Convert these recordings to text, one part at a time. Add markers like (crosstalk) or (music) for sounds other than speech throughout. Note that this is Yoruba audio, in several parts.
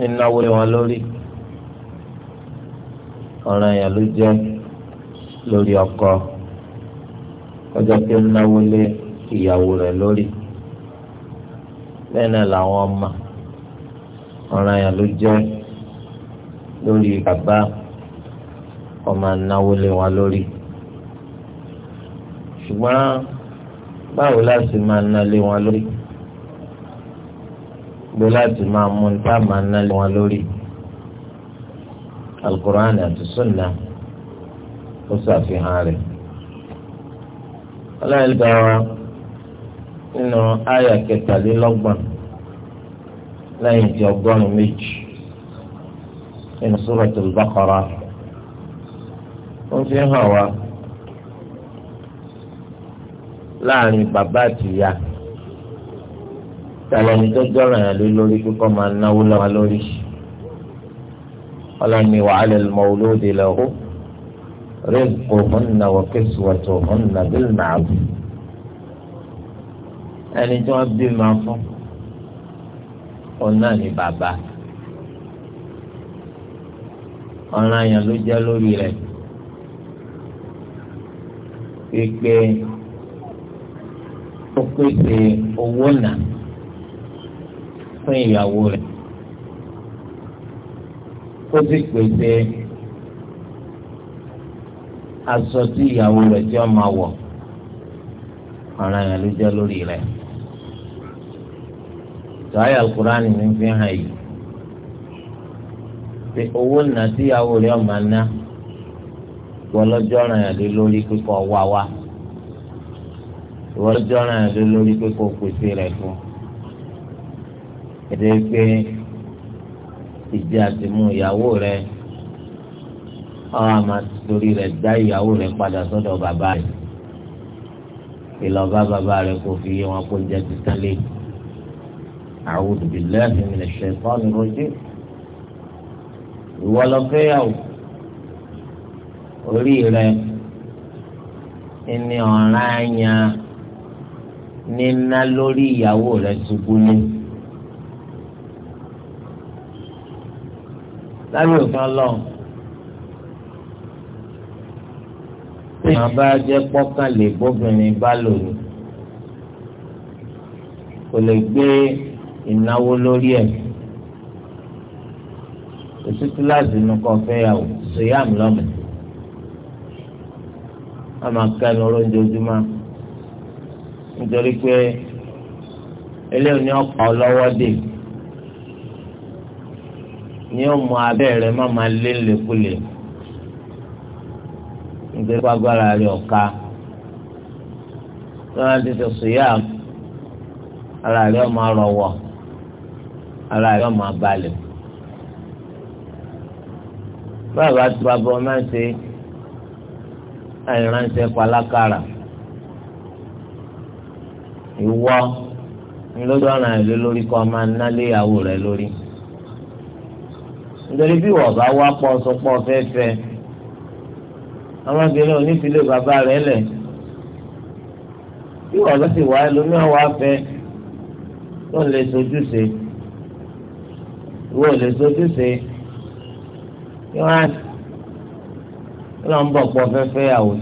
nínáwó lé wọn lórí ọ̀ràn yẹn ló jẹ́ lórí ọkọ kọjá pé ń náwó lé ìyàwó rẹ̀ lórí bẹ́ẹ̀ náà làwọn ọmọ ọ̀ràn yẹn ló jẹ́ lórí bàbá ọmọ náwó lé wọn lórí ṣùgbọ́n báwo láti máa ná lé wọn lórí. gbó láti máa mú nípa máa ná wọn lórí alukur'an àti sunna ó ṣàfihàn rẹ̀ ọlọ́yẹ̀dá wa nínú àyà kẹtàlélọ́gbọ̀n lẹ́yìn tí ọgọ́rùn-ún méjì nínú Suratul Baqara ó fi hàn wá láàrin bàbá àti ìyá. tàlẹ́ni tó jọ̀ràn yàn lé lórí kíkọ́ máa náwó lọ́wọ́ lórí ọlọ́ni wa 'ala al-mawludi lahu rizquhunna wa kiswatuhunna bil-ma'ruf ẹni tí wọ́n bí máa fún òun ni bàbá ọ̀ràn yàn ló jẹ́ lórí rẹ̀ pípé ó pèsè owó náà fún ìyàwó rẹ̀ ó sì pèsè aṣọ tí ìyàwó rẹ̀ tí wọ́n máa wọ̀ ọ̀ràn yẹn ló jẹ́ lórí rẹ̀ tọ́yà alukurani mi fi hàn yìí pé owó nà tí ìyàwó rẹ̀ ọ̀ máa ná wọlọ́jọ́ ọ̀ràn yẹn lé lórí kíkọ́ wá wá wọlọ́jọ́ ọ̀ràn yẹn lé lórí kíkọ́ pèsè rẹ̀ fún èdè pé ìjà ti mú ìyàwó rẹ ọ̀hún àmà torí rẹ dá ìyàwó rẹ padà sọ́dọ̀ bàbá rẹ ìlọ bá bàbá rẹ kò fi yé wọn kó jẹ títán lé a'udhu billahi minash shaitanir rajim ìwọ lọ fẹ́yàwó orí rẹ ẹni ọ̀ràn àyàn níná lórí ìyàwó rẹ ṣubú ní. lábẹ́ òfin ọlọ́run. tí màá bá jẹ́ pọ́kànlé bóbìnrin bá lò ní kò lè gbé ìnáwó lórí ẹ̀ òtútù láti inú kan fẹ́ yàwó sèyàm lọ́mọ a máa kẹ́nu lójoojúmọ́ nítorí pé eléyìí ni ọ̀pọ̀ ọlọ́wọ́ dè. ni ó mọ abẹ́ rẹ̀ má máa lé lékulè nítorí pàgbára rẹ̀ ọ̀ka tí wọ́n ti sọ̀sọ̀ yá ara rẹ̀ ọmọ arọ̀wọ̀ ara rẹ̀ ọmọ abalẹ̀ báyìí wàá tura máa ń ṣe àìránṣẹ́ palákàrà ìwọ ńlọ́dọ̀ ọ̀ràn ìlú lórí kọ́ máa ń nálé ìyàwó rẹ̀ lórí. torí bí wọ́n bá wá pọ̀ sọpọ̀ fẹ́fẹ́ ọmọbìnrin onífilé bàbá rẹ̀ lẹ̀ bí wọ́n bá sì wá ẹlòmíràn wá fẹ́ tó lè sojúṣe wọ́n lè sojúṣe kí wọ́n á lọ ń bọ̀ pọ̀ fẹ́fẹ́ yàwó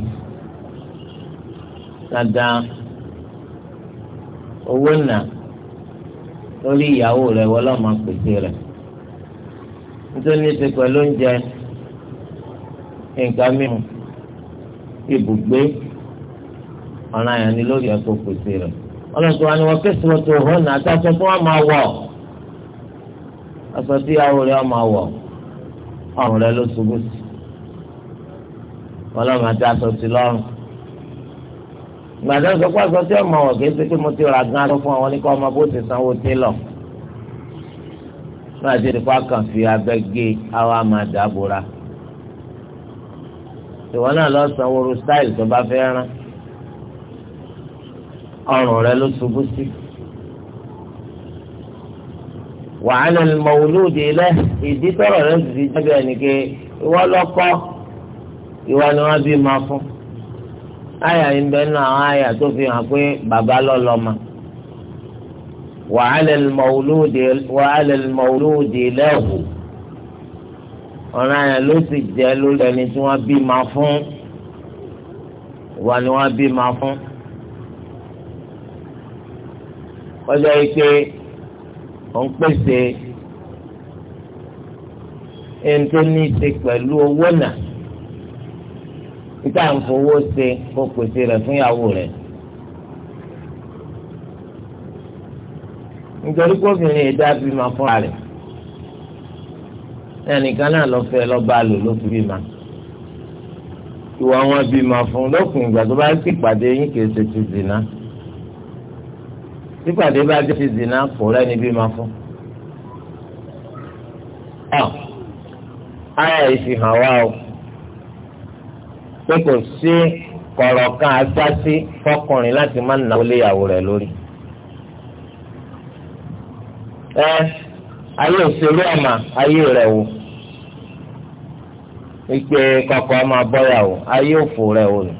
dáadáa owó nà lórí ìyàwó rẹ̀ wọ́n lọ́ọ́ máa pèsè rẹ̀ nítorí ní ti pẹ̀lú oúnjẹ nǹkan mímu ibùgbé ọ̀nà àyàn ni lórí ẹ̀kọ́ pèsè rẹ̀ ọlọ́sọ̀ wa ni wọ́n kẹ́sì wọ́n tó hàn náà àtàṣọ tó wọ́n máa wọ̀ aṣọ tí ìyàwó rẹ̀ máa wọ̀ ọ̀rùn rẹ̀ ló ṣubú sí ọlọ́run àti aṣọ ti lọ́rùn gbàdá sọ pé aṣọ tí ọmọ wọ̀ ṣe pé mo ti rà gan aṣọ fún ọ máa ti nípa kàn fi abẹ́ gé àwa máa dàbòrà ìwọ náà lọ san woro style tó bá fẹ́ rán ọrùn rẹ ló ṣubú sí. wàhálà mọ̀wúlúùdì ilẹ̀ ìdí tọrọ rẹ ti fi jáde ẹnìké ìwọ lọ́kọ ìwọ ni wọ́n bí máa fún. àyà ń bẹ́ẹ̀ àwọn àyà tó fi hàn pé bàbá lọ́lọ́mọ. وعلى المولود وعلى المولود له ọ̀ràn yẹn ló sì jẹ́ lórí ẹni tí wọ́n bí ma fún wà ni wọ́n bí ma fún ọjọ́ yìí pé ó ń pèsè ẹni tó ní í ṣe pẹ̀lú owó náà títà ń fowó ṣe kó pèsè rẹ̀ fún ìyàwó rẹ̀. nítorí kóbìnrin ẹ̀dá bí ma fúnra rẹ̀ ẹnìkan náà lọ fẹ́ lọ bá lò ló fi bí ma ìwà wọn bí ma fún lókun ìgbà tó bá sì pàdé yín kìí ṣe ti zìnà tí pàdé bá jẹ́ ti zìnà kò rẹ́ni bí fún. ara ìfihàn wa o pé kò sí kọ̀rọ̀ kan agbásí fọkùnrin láti má nàwó léyàwó rẹ̀ lórí ẹ ayé òṣèlú ọmọ ayé rẹ wò wípé kọkọ ọmọ abọ́yàwó ayé òfò rẹ wò ni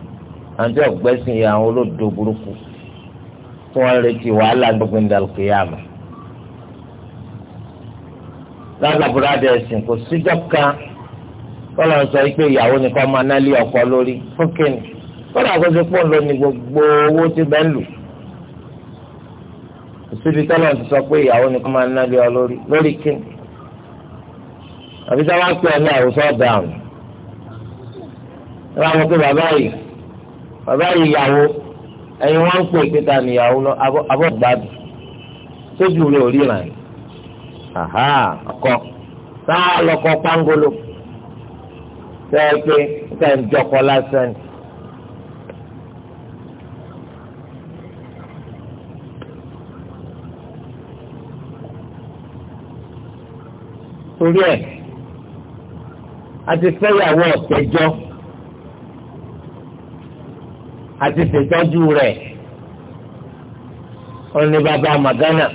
àti ọ̀gbẹ́sìn yà àwọn olódò burúkú tí wọ́n retí wàhálà gbogbo ìdàlùkù yà mà. lábàá búrádà ẹ̀sìn kò síjọ́ kan kọ́lọ́ sọ pé ìyàwó ni kọ́ máa nálé ọkọ lórí fúnkẹ́ni kọ́lọ́ àkóso pọ̀ lónìí gbogbo owó tí bẹ́ẹ̀ lù síbi tọ́lọ̀ ti sọ pé ìyàwó ni kó máa ná lé ọ lórí lórí kí àbí sábà ń pè ọ ní àwòsọ dáhùn ẹ bá wọn pé bàbá yìí bàbá yìí ìyàwó ẹyin wọn ń pè kíta níyàwó lọ abọ́gbádùn sójú rẹ ò ríran yìí aha ọkọ sáà lọkọ pangolo sẹ́ẹ̀ pé sẹ́ẹ̀ ń jọkọ lásán torí ẹ̀ àti fẹ́yàwó ọ̀tẹ́jọ́ àti ṣètọ́jú rẹ̀ ọ̀nì bàbá màgánà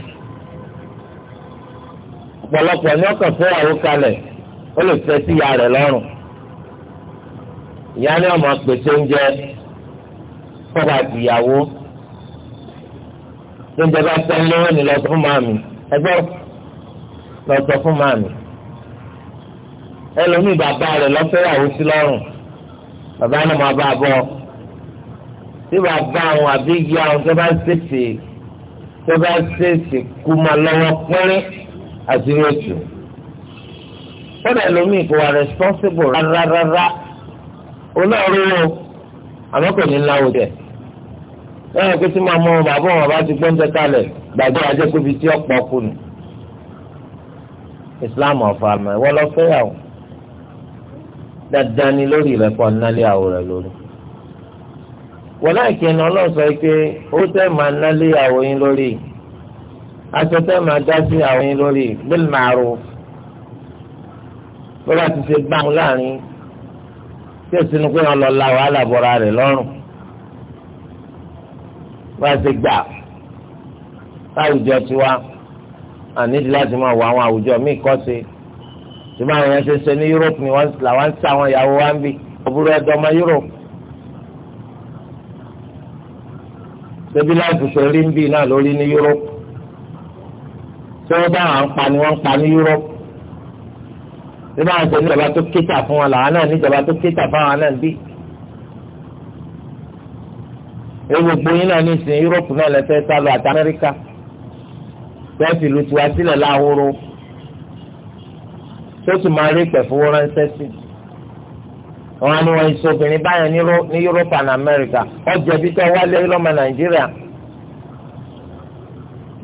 ọ̀pọ̀lọpọ̀ ní ọkàn fún àwọn kalẹ̀ ó lè fẹ́ sí ìyá rẹ̀ lọ́rùn ìyá ni ọmọ pèsè oúnjẹ fọba ìyàwó oúnjẹ bá tẹ́ lé wọn ni lọ sọ fún màmí ẹgbẹ́ lọ sọ fún màmí ẹlòmíì bàbá rẹ̀ lọ́fẹ́ ìyàwó sí lọ́rùn bàbá náà máa bá a bọ̀ tí bàbá àwọn àbí ìyá àwọn tó bá ṣèṣe tó bá ṣèṣe kú máa lọ́wọ́ pínrín àti rẹ̀tù fọ́dà ẹlòmíì kò wà responsible rárárárá olóòrùn o àmọ́ kò ní láwọ jẹ lẹ́yìn pé tí màá mọ bàbá wọn bá ti gbọ́ǹdẹ kalẹ̀ gbàgbé ajẹ́kùbí tí ọ̀pọ̀ kù Islam ọ̀fà mọ́ ẹ wọ́n lọ fẹ́yàwó dandan ni lórí rẹ kọ nálé àwò rẹ lórí wọn náà kí ẹnu ọlọ́sọ pé ó tẹ́ máa nálé àwò yín lórí aṣọ tẹ́ máa dá sí àwò yín lórí bil ma'ruf bí wọ́n ti ṣe bá wọn láàrin tí ó sinú pé wọn lọ la wàhálà bọ̀ra rẹ̀ lọ́rùn wọ́n á ṣe gbà láwùjọ tiwa àníjì láti máa wọ àwọn àwùjọ míì kọ́ sí i ṣùgbọ́n àwọn yẹn ṣe ṣe ní Europe ni làwọn ń sàwọn ìyàwó wa ń bì òbúrò ẹ̀dọ́ ọmọ Europe. ṣebí láti ṣe rí ń bì náà lórí ní Europe. tí wọ́n bá wọn pa ni wọ́n ń pa ní Europe. bí wọ́n ṣe níjọba tó kíta fún wọn làwọn náà níjọba tó kíta fáwọn náà ń bì. ewu gbóyin náà ní ìsìn Europe náà lẹ́fẹ̀ẹ́ sálọ àti Amẹ́ríkà. bẹ́ẹ̀ sì lu tiwa sílẹ̀ láhóró. tó sì máa rí pẹ̀fúwó ránṣẹ́ sí wọn ni wọn iṣẹ́ obìnrin báyọ̀ ní Europe and America ọjà ibi tó wálé lọ́mọ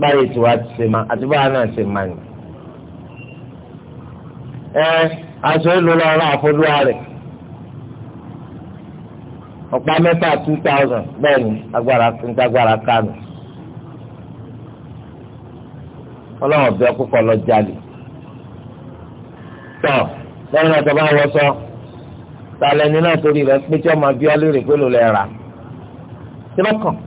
Nàìjíríà ti ṣe àti náà ṣe ẹ aṣọ èlò àfọlúwa rẹ̀ ọ̀pá lọ jalè. tọ lẹ́yìn náà tó bá wọ sọ talẹ̀ ní náà torí rẹ̀ pé tí ọmọ abíọ́lé rè pé ló lẹ́ rà tí wọ́n kàn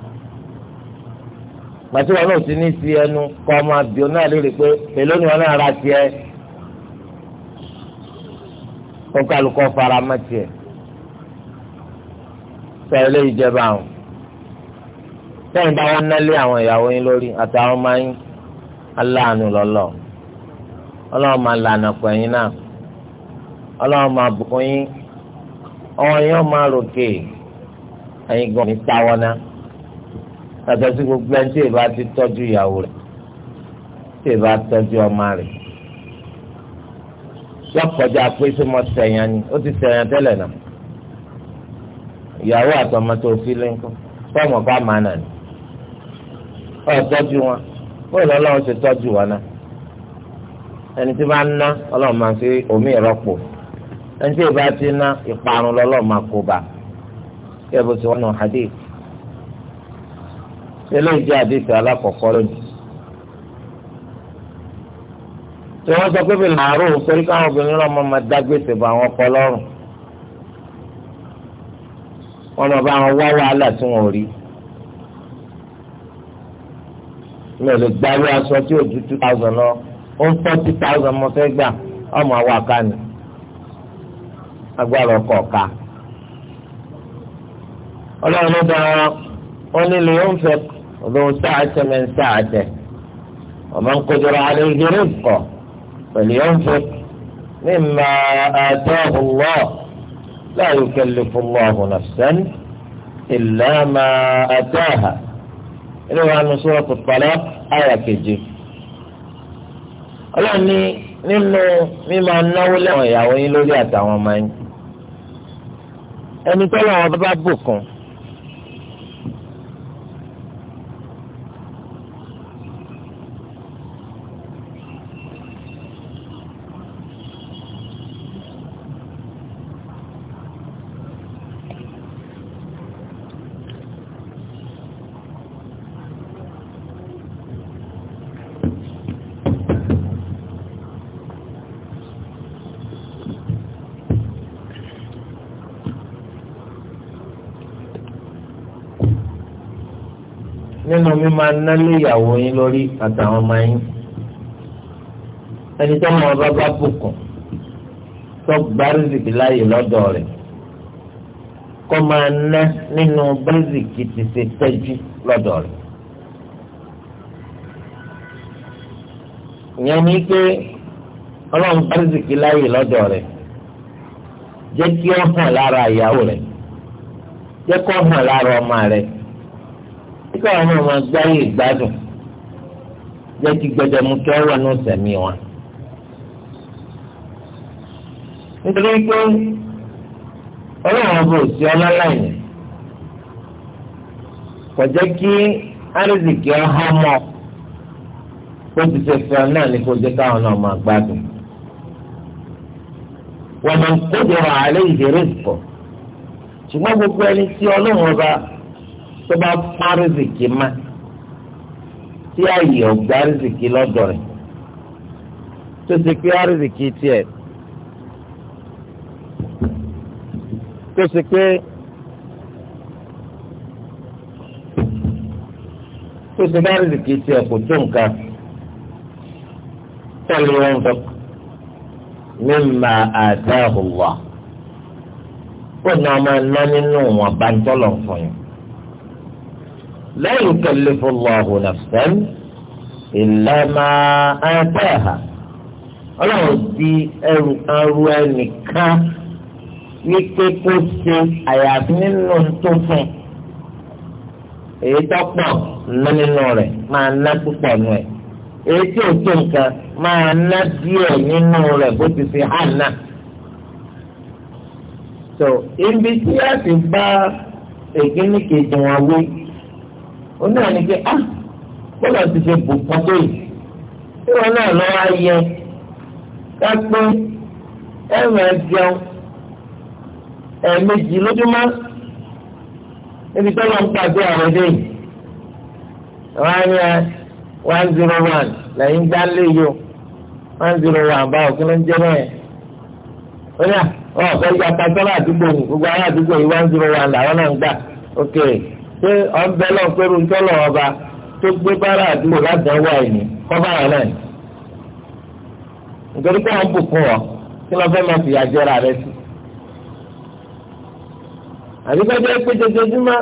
gbàtí wọn náà ti ní ti ẹnu kọ́ ọmọ abíọ́ náà lérè pé èló ni wọn náà ra tiẹ̀ ó kálukọ́ fara mọ́ tiẹ̀ sẹ́lẹ̀ ìjẹba àwọn sẹ́yìn bá wọn nálé àwọn ìyàwó yín lórí àtàwọn ọmọ yín aláàánú lọ́lọ́ ọlọ́run máa pẹ̀yìn náà ọlọ́run máa bùkún yín ọ̀hún yín máa ròkè ẹ̀yin gan ní táwọn náà yàtọ̀ sí gbogbo ẹni tí èèbá ti tọ́jú ìyàwó rẹ̀ tí èèbá tọ́jú ọmọ rẹ̀ yọ pé ṣé mo ni ó ti sẹ̀yàn tẹ́lẹ̀ náà ìyàwó àtọmọ tó fi lẹ́ńkọ́ fọ́ọ̀mù ọ̀gá màánà ni ọ̀ tọ́jú wọn bóyá lọ́lọ́run ṣe tọ́jú wọn náà ẹni tí bá ń ná ọlọ́run máa fi omi ìrọ́pò ẹni tí ìbá ti ná ìparun lọ́lọ́ máa kó bá kẹ́ bó ti wọ́n nù hadith eléyìí jẹ́ àdìsí alákọ̀ọ́kọ́ lónìí. tí wọ́n sọ pé bí làárọ̀ torí káwọn obìnrin náà máa máa dágbèsè bá àwọn ọkọ lọ́rùn wọ́n máa bá wọn wá wàhálà tí wọ́n rí. mi ò aṣọ tí ò ju two thousand lọ ó ń fọ́ two thousand mo fẹ́ gbà ọmọ àwọn àkànnì agbára ọkọ̀ ọ̀ka. ọlọ́run ló dáa wọn nílò yóò ń fẹ́ ọdún sáàtẹ mẹ́ sáàtẹ ọmọ nkójọra alẹ́ ìgbéró kọ pẹ̀lú yóò ń fẹ́ mímà àtọ́hùn lọ láàyò kẹlẹ́ fún lọ́ọ̀hùn nàfẹ́n ìlànà àtọ́hà ilé wa nù sọ́rọ̀ pípalẹ́ àyà kejì. ọlọ́run ní nínú mímà náwó lẹ́wọ̀n ìyàwó yín lórí àtàwọn ọmọ yín ẹni tọ́lọ̀ wọn bá bùkún máa ná lé ìyàwó yín lórí àtàwọn ọmọ yín ẹni tó máa bá bá bùkún tó gba rìzìkì láàyè lọ́dọ̀ rẹ̀ kó máa ná nínú rìzìkì ti ṣe tẹ́jú lọ́dọ̀ rẹ̀. ìyẹn ni pé ọlọ́run gba rìzìkì láàyè lọ́dọ̀ rẹ̀ jẹ́ kí ó hàn lára ìyàwó rẹ̀ jẹ́ kó hàn lára ọmọ rẹ̀ kíkọ àwọn ọmọ agbáyé ìgbádùn jẹ́ kí gbẹdẹmukẹ wà ní sẹmí wọn. nítorí pé ọlọ́run ọba òsì ọlọ́láyìn kò jẹ́ kí arìsìkì ọ̀há mọ́ kó ti ṣe fẹ́ náà ní kó jẹ́ káwọn náà máa gbádùn. wọ́n máa ń kó jọra àlẹ́ ìdérè pọ̀ ṣùgbọ́n gbogbo ẹni tí ọlọ́run ọba tó bá fún arizikì má tí ààyè ọ̀gbà arizikì lọ́dọ̀ rẹ̀ tó ṣe pé arizikì tiẹ̀ tó ṣe pé tó ṣe bá arizikì tiẹ̀ kò tó nǹkan tẹ̀lé wọn dọ̀ mímà àdáhùwà ó ní ọmọ ẹ̀ ná nínú wọn bá ń tọ́lọ̀ fún yín la yukallifu Allahu nafsan illa ma ataha ọlọ́run di ẹrù kan ru ẹnìkan wípé kó ṣe àyàfi nínú tó fún èyí tó pọ̀ ná nínú rẹ̀ máa ná púpọ̀ nù ẹ̀ èyí tí ò tó nǹkan máa ná díẹ̀ nínú rẹ̀ bó ti fi hàn náà. so ibi tí a ti bá ègínìkejì wọn wí òun ni ní pé á ah, bọ́lá ti ṣe bò pọ́n tó yìí tí wọn náà lọ́ wá yẹ ká pé ẹ̀rọ ẹ̀jẹun ẹ̀ẹ̀mejì lójúmọ́ níbi tó lọ́n pàdé àwọn ọdẹ yìí wọ́n á yẹ ah, one zero one lẹ́yìn gbálẹ́ yìí o one zero one báwo kí ló ń jẹ́ bẹ́ẹ̀ ó ah, ọ̀ fẹ́ yàtọ̀ sọ́lá àdúgbò gbogbo ará àdúgbò yìí one zero one làwọn náà ń gbà ókè. Okay pé ọ̀nbẹ lọ pé runtọ́lọ̀ ọba tó gbé bára àdúgbò ládàáwò àìní kọ́bá rẹ̀ náà nítorí pé wọ́n bùkún ọ kí lọ́ọ́ fẹ́ máa fìyà jẹra rẹ sí. àdìgbàjẹ́ pé jẹjẹjúmọ́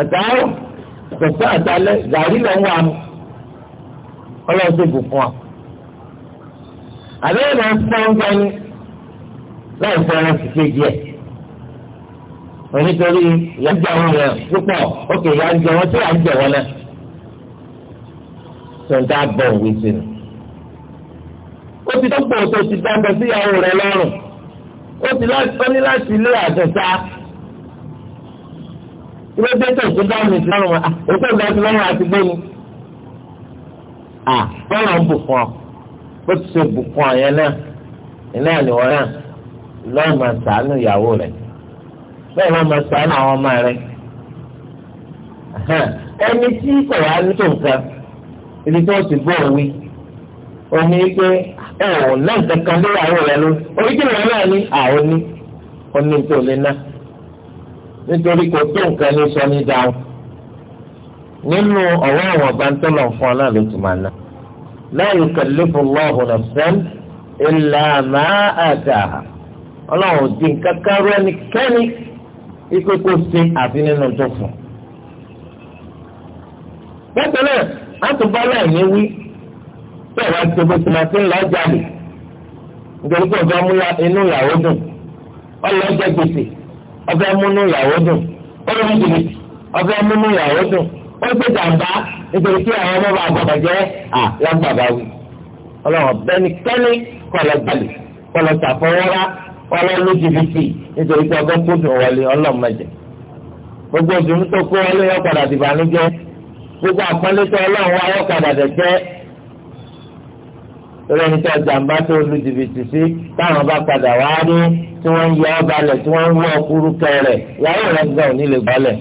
àtàárọ̀ àtọ̀sọ́ àtàlẹ́ gàrí lọ́ ń wà mú ọlọ́run tó bùkún ọ. àbẹ́rẹ́ náà fọ́n gbani láì fọ́n ẹran sì kéjì ẹ̀ onítorí ìyá ń jẹ àwọn yẹn púpọ̀ ókè ìyá ń jẹ wọn tí ìyá ń jẹ wọn náà tó bọ̀ òwe sí ni. ó ti dọ́pọ̀ tó ti dáńdọ̀ sí ìyàwó rẹ̀ lọ́rùn ó ti ní láti ilé àtẹ̀sá ilé dẹ́tọ̀ tó dáhùn ìsìn lọ́rùn òkú ìgbà tí lọ́rùn àti gbé ni. à ah, bọ́lá ń bùkún ọ bó ti ṣe bùkún ọ yẹn náà ìnáà ni wọ́n náà lọ́rùn máa sàánú ìyàwó rẹ̀ bẹ́ẹ̀ wọ́n máa sàánù àwọn ọmọ rẹ̀ ẹni tí kò wá ní tó nǹkan ibi tó ti gbọ́ òwe omi pé ẹ ò ná nǹkan kan lórí àwọn rẹ ló orí kí nìyẹn náà ní àwọn ní omi tó lè ná nítorí kò tó nǹkan ní sọ ní dáhùn nínú ọ̀wọ́ àwọn ọba ń tọ́lọ̀ fún ọ náà ló ti máa ná la yukallifu Allahu nafsan illa ma ataha ọlọ́run ò dín kankan rẹ́nikẹ́ni. ikú sin sí àfi nínú tó fún. náà ní wí bẹ́ẹ̀ wá tó máa ń lọ́jà lè nítorí pé inú ìyàwó dùn gbèsè ìyàwó dùn gbèsè ìyàwó dùn ó gbé nítorí pé àwọn ọmọ bá jẹ́ à gbalè ọlọ́ ló jìbìtì nítorí pé ọgbẹ́ kó dùn wọlé ọlọ́mọdé gbogbo obìnrin tó kó wọlé yọ padà dìbànújẹ́ gbogbo àpọ́nlétọ́ ọlọ́run wa yọ padà dẹ̀jẹ́ lórí ẹni tó jàǹbá tó lu jìbìtì sí táwọn bá padà wá rí tí wọ́n ń yọ ọ́ balẹ̀ tí wọ́n ń wọ́ ọkùnrin kẹrẹ̀ ìyàwó rẹ̀ gbà ò ní lè balẹ̀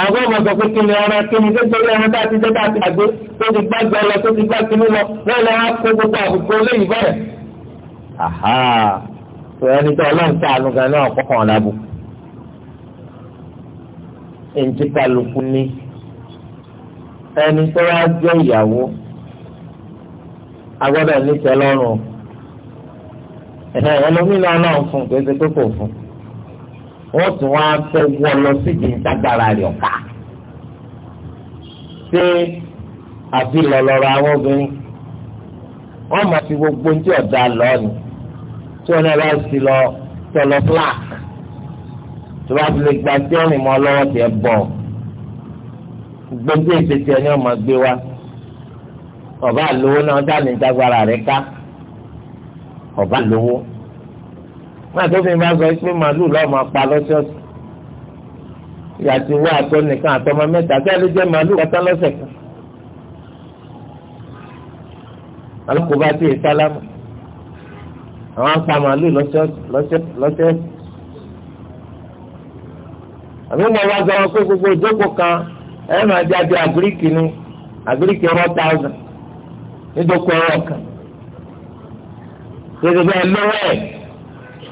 àwọn ọmọ sọ pé kí ni ọ̀rọ̀ kí ni nítorí ọmọ tá a ti dẹ́ta àti àgbé tó ti gbá gbẹ lọ tó ti gbá kínní lọ lọ́ọ̀lọ́ wa kó gbogbo àbùkù olóyìnbó rẹ̀ ẹni tó ọlọ́run tá a lù gan náà kọ́kàn lábù. ẹnití kálukú ní ẹni tó wá jẹ́ ìyàwó agbọ́dọ̀ níṣẹ́ lọ́rùn ẹ̀hẹ́ ẹlòmínà náà fún kò ṣe pé kò fún wọ́n tún wá fẹ́ wọ́ lọ síbi ìtagbára rẹ̀ ọ̀ka ṣé àfi lọ́lọ́rọ̀ àwọn obìnrin wọ́n máa fi gbogbo ní ọ̀dà lọ́ọ̀nì tí wọn náà bá sì lọ tọlọ flak tó bá fi lè gba tí wọn rìn mọ lọ́wọ́ tiẹ̀ bọ̀ gbogbo ìpèsè ẹni ọmọ gbé wa ọba àlówó náà dání dágbára rẹ̀ ká ọba àlówó wọn àtọ́fin bá sọ pé màálùú lọ́ọ́ máa pa lọ́sọ̀ọ̀sẹ̀ ìyàtí wọ́n àtọ́ nìkan àtọ́mọ mẹ́ta tí a lè jẹ́ màálùú kọ́tà lọ́sẹ̀ kan alákòóbá tí èyí sálámù àwọn apá màálù lọ́sẹ̀ lọ́sẹ̀ lọ́sẹ̀ àbí mo bá sọ pé gbogbo ìjókòó kan ẹ máa jáde àgíríkì ni àgíríkì one thousand nídòkó ẹ̀rọ kan tètè bẹ́ẹ̀ lówó ẹ̀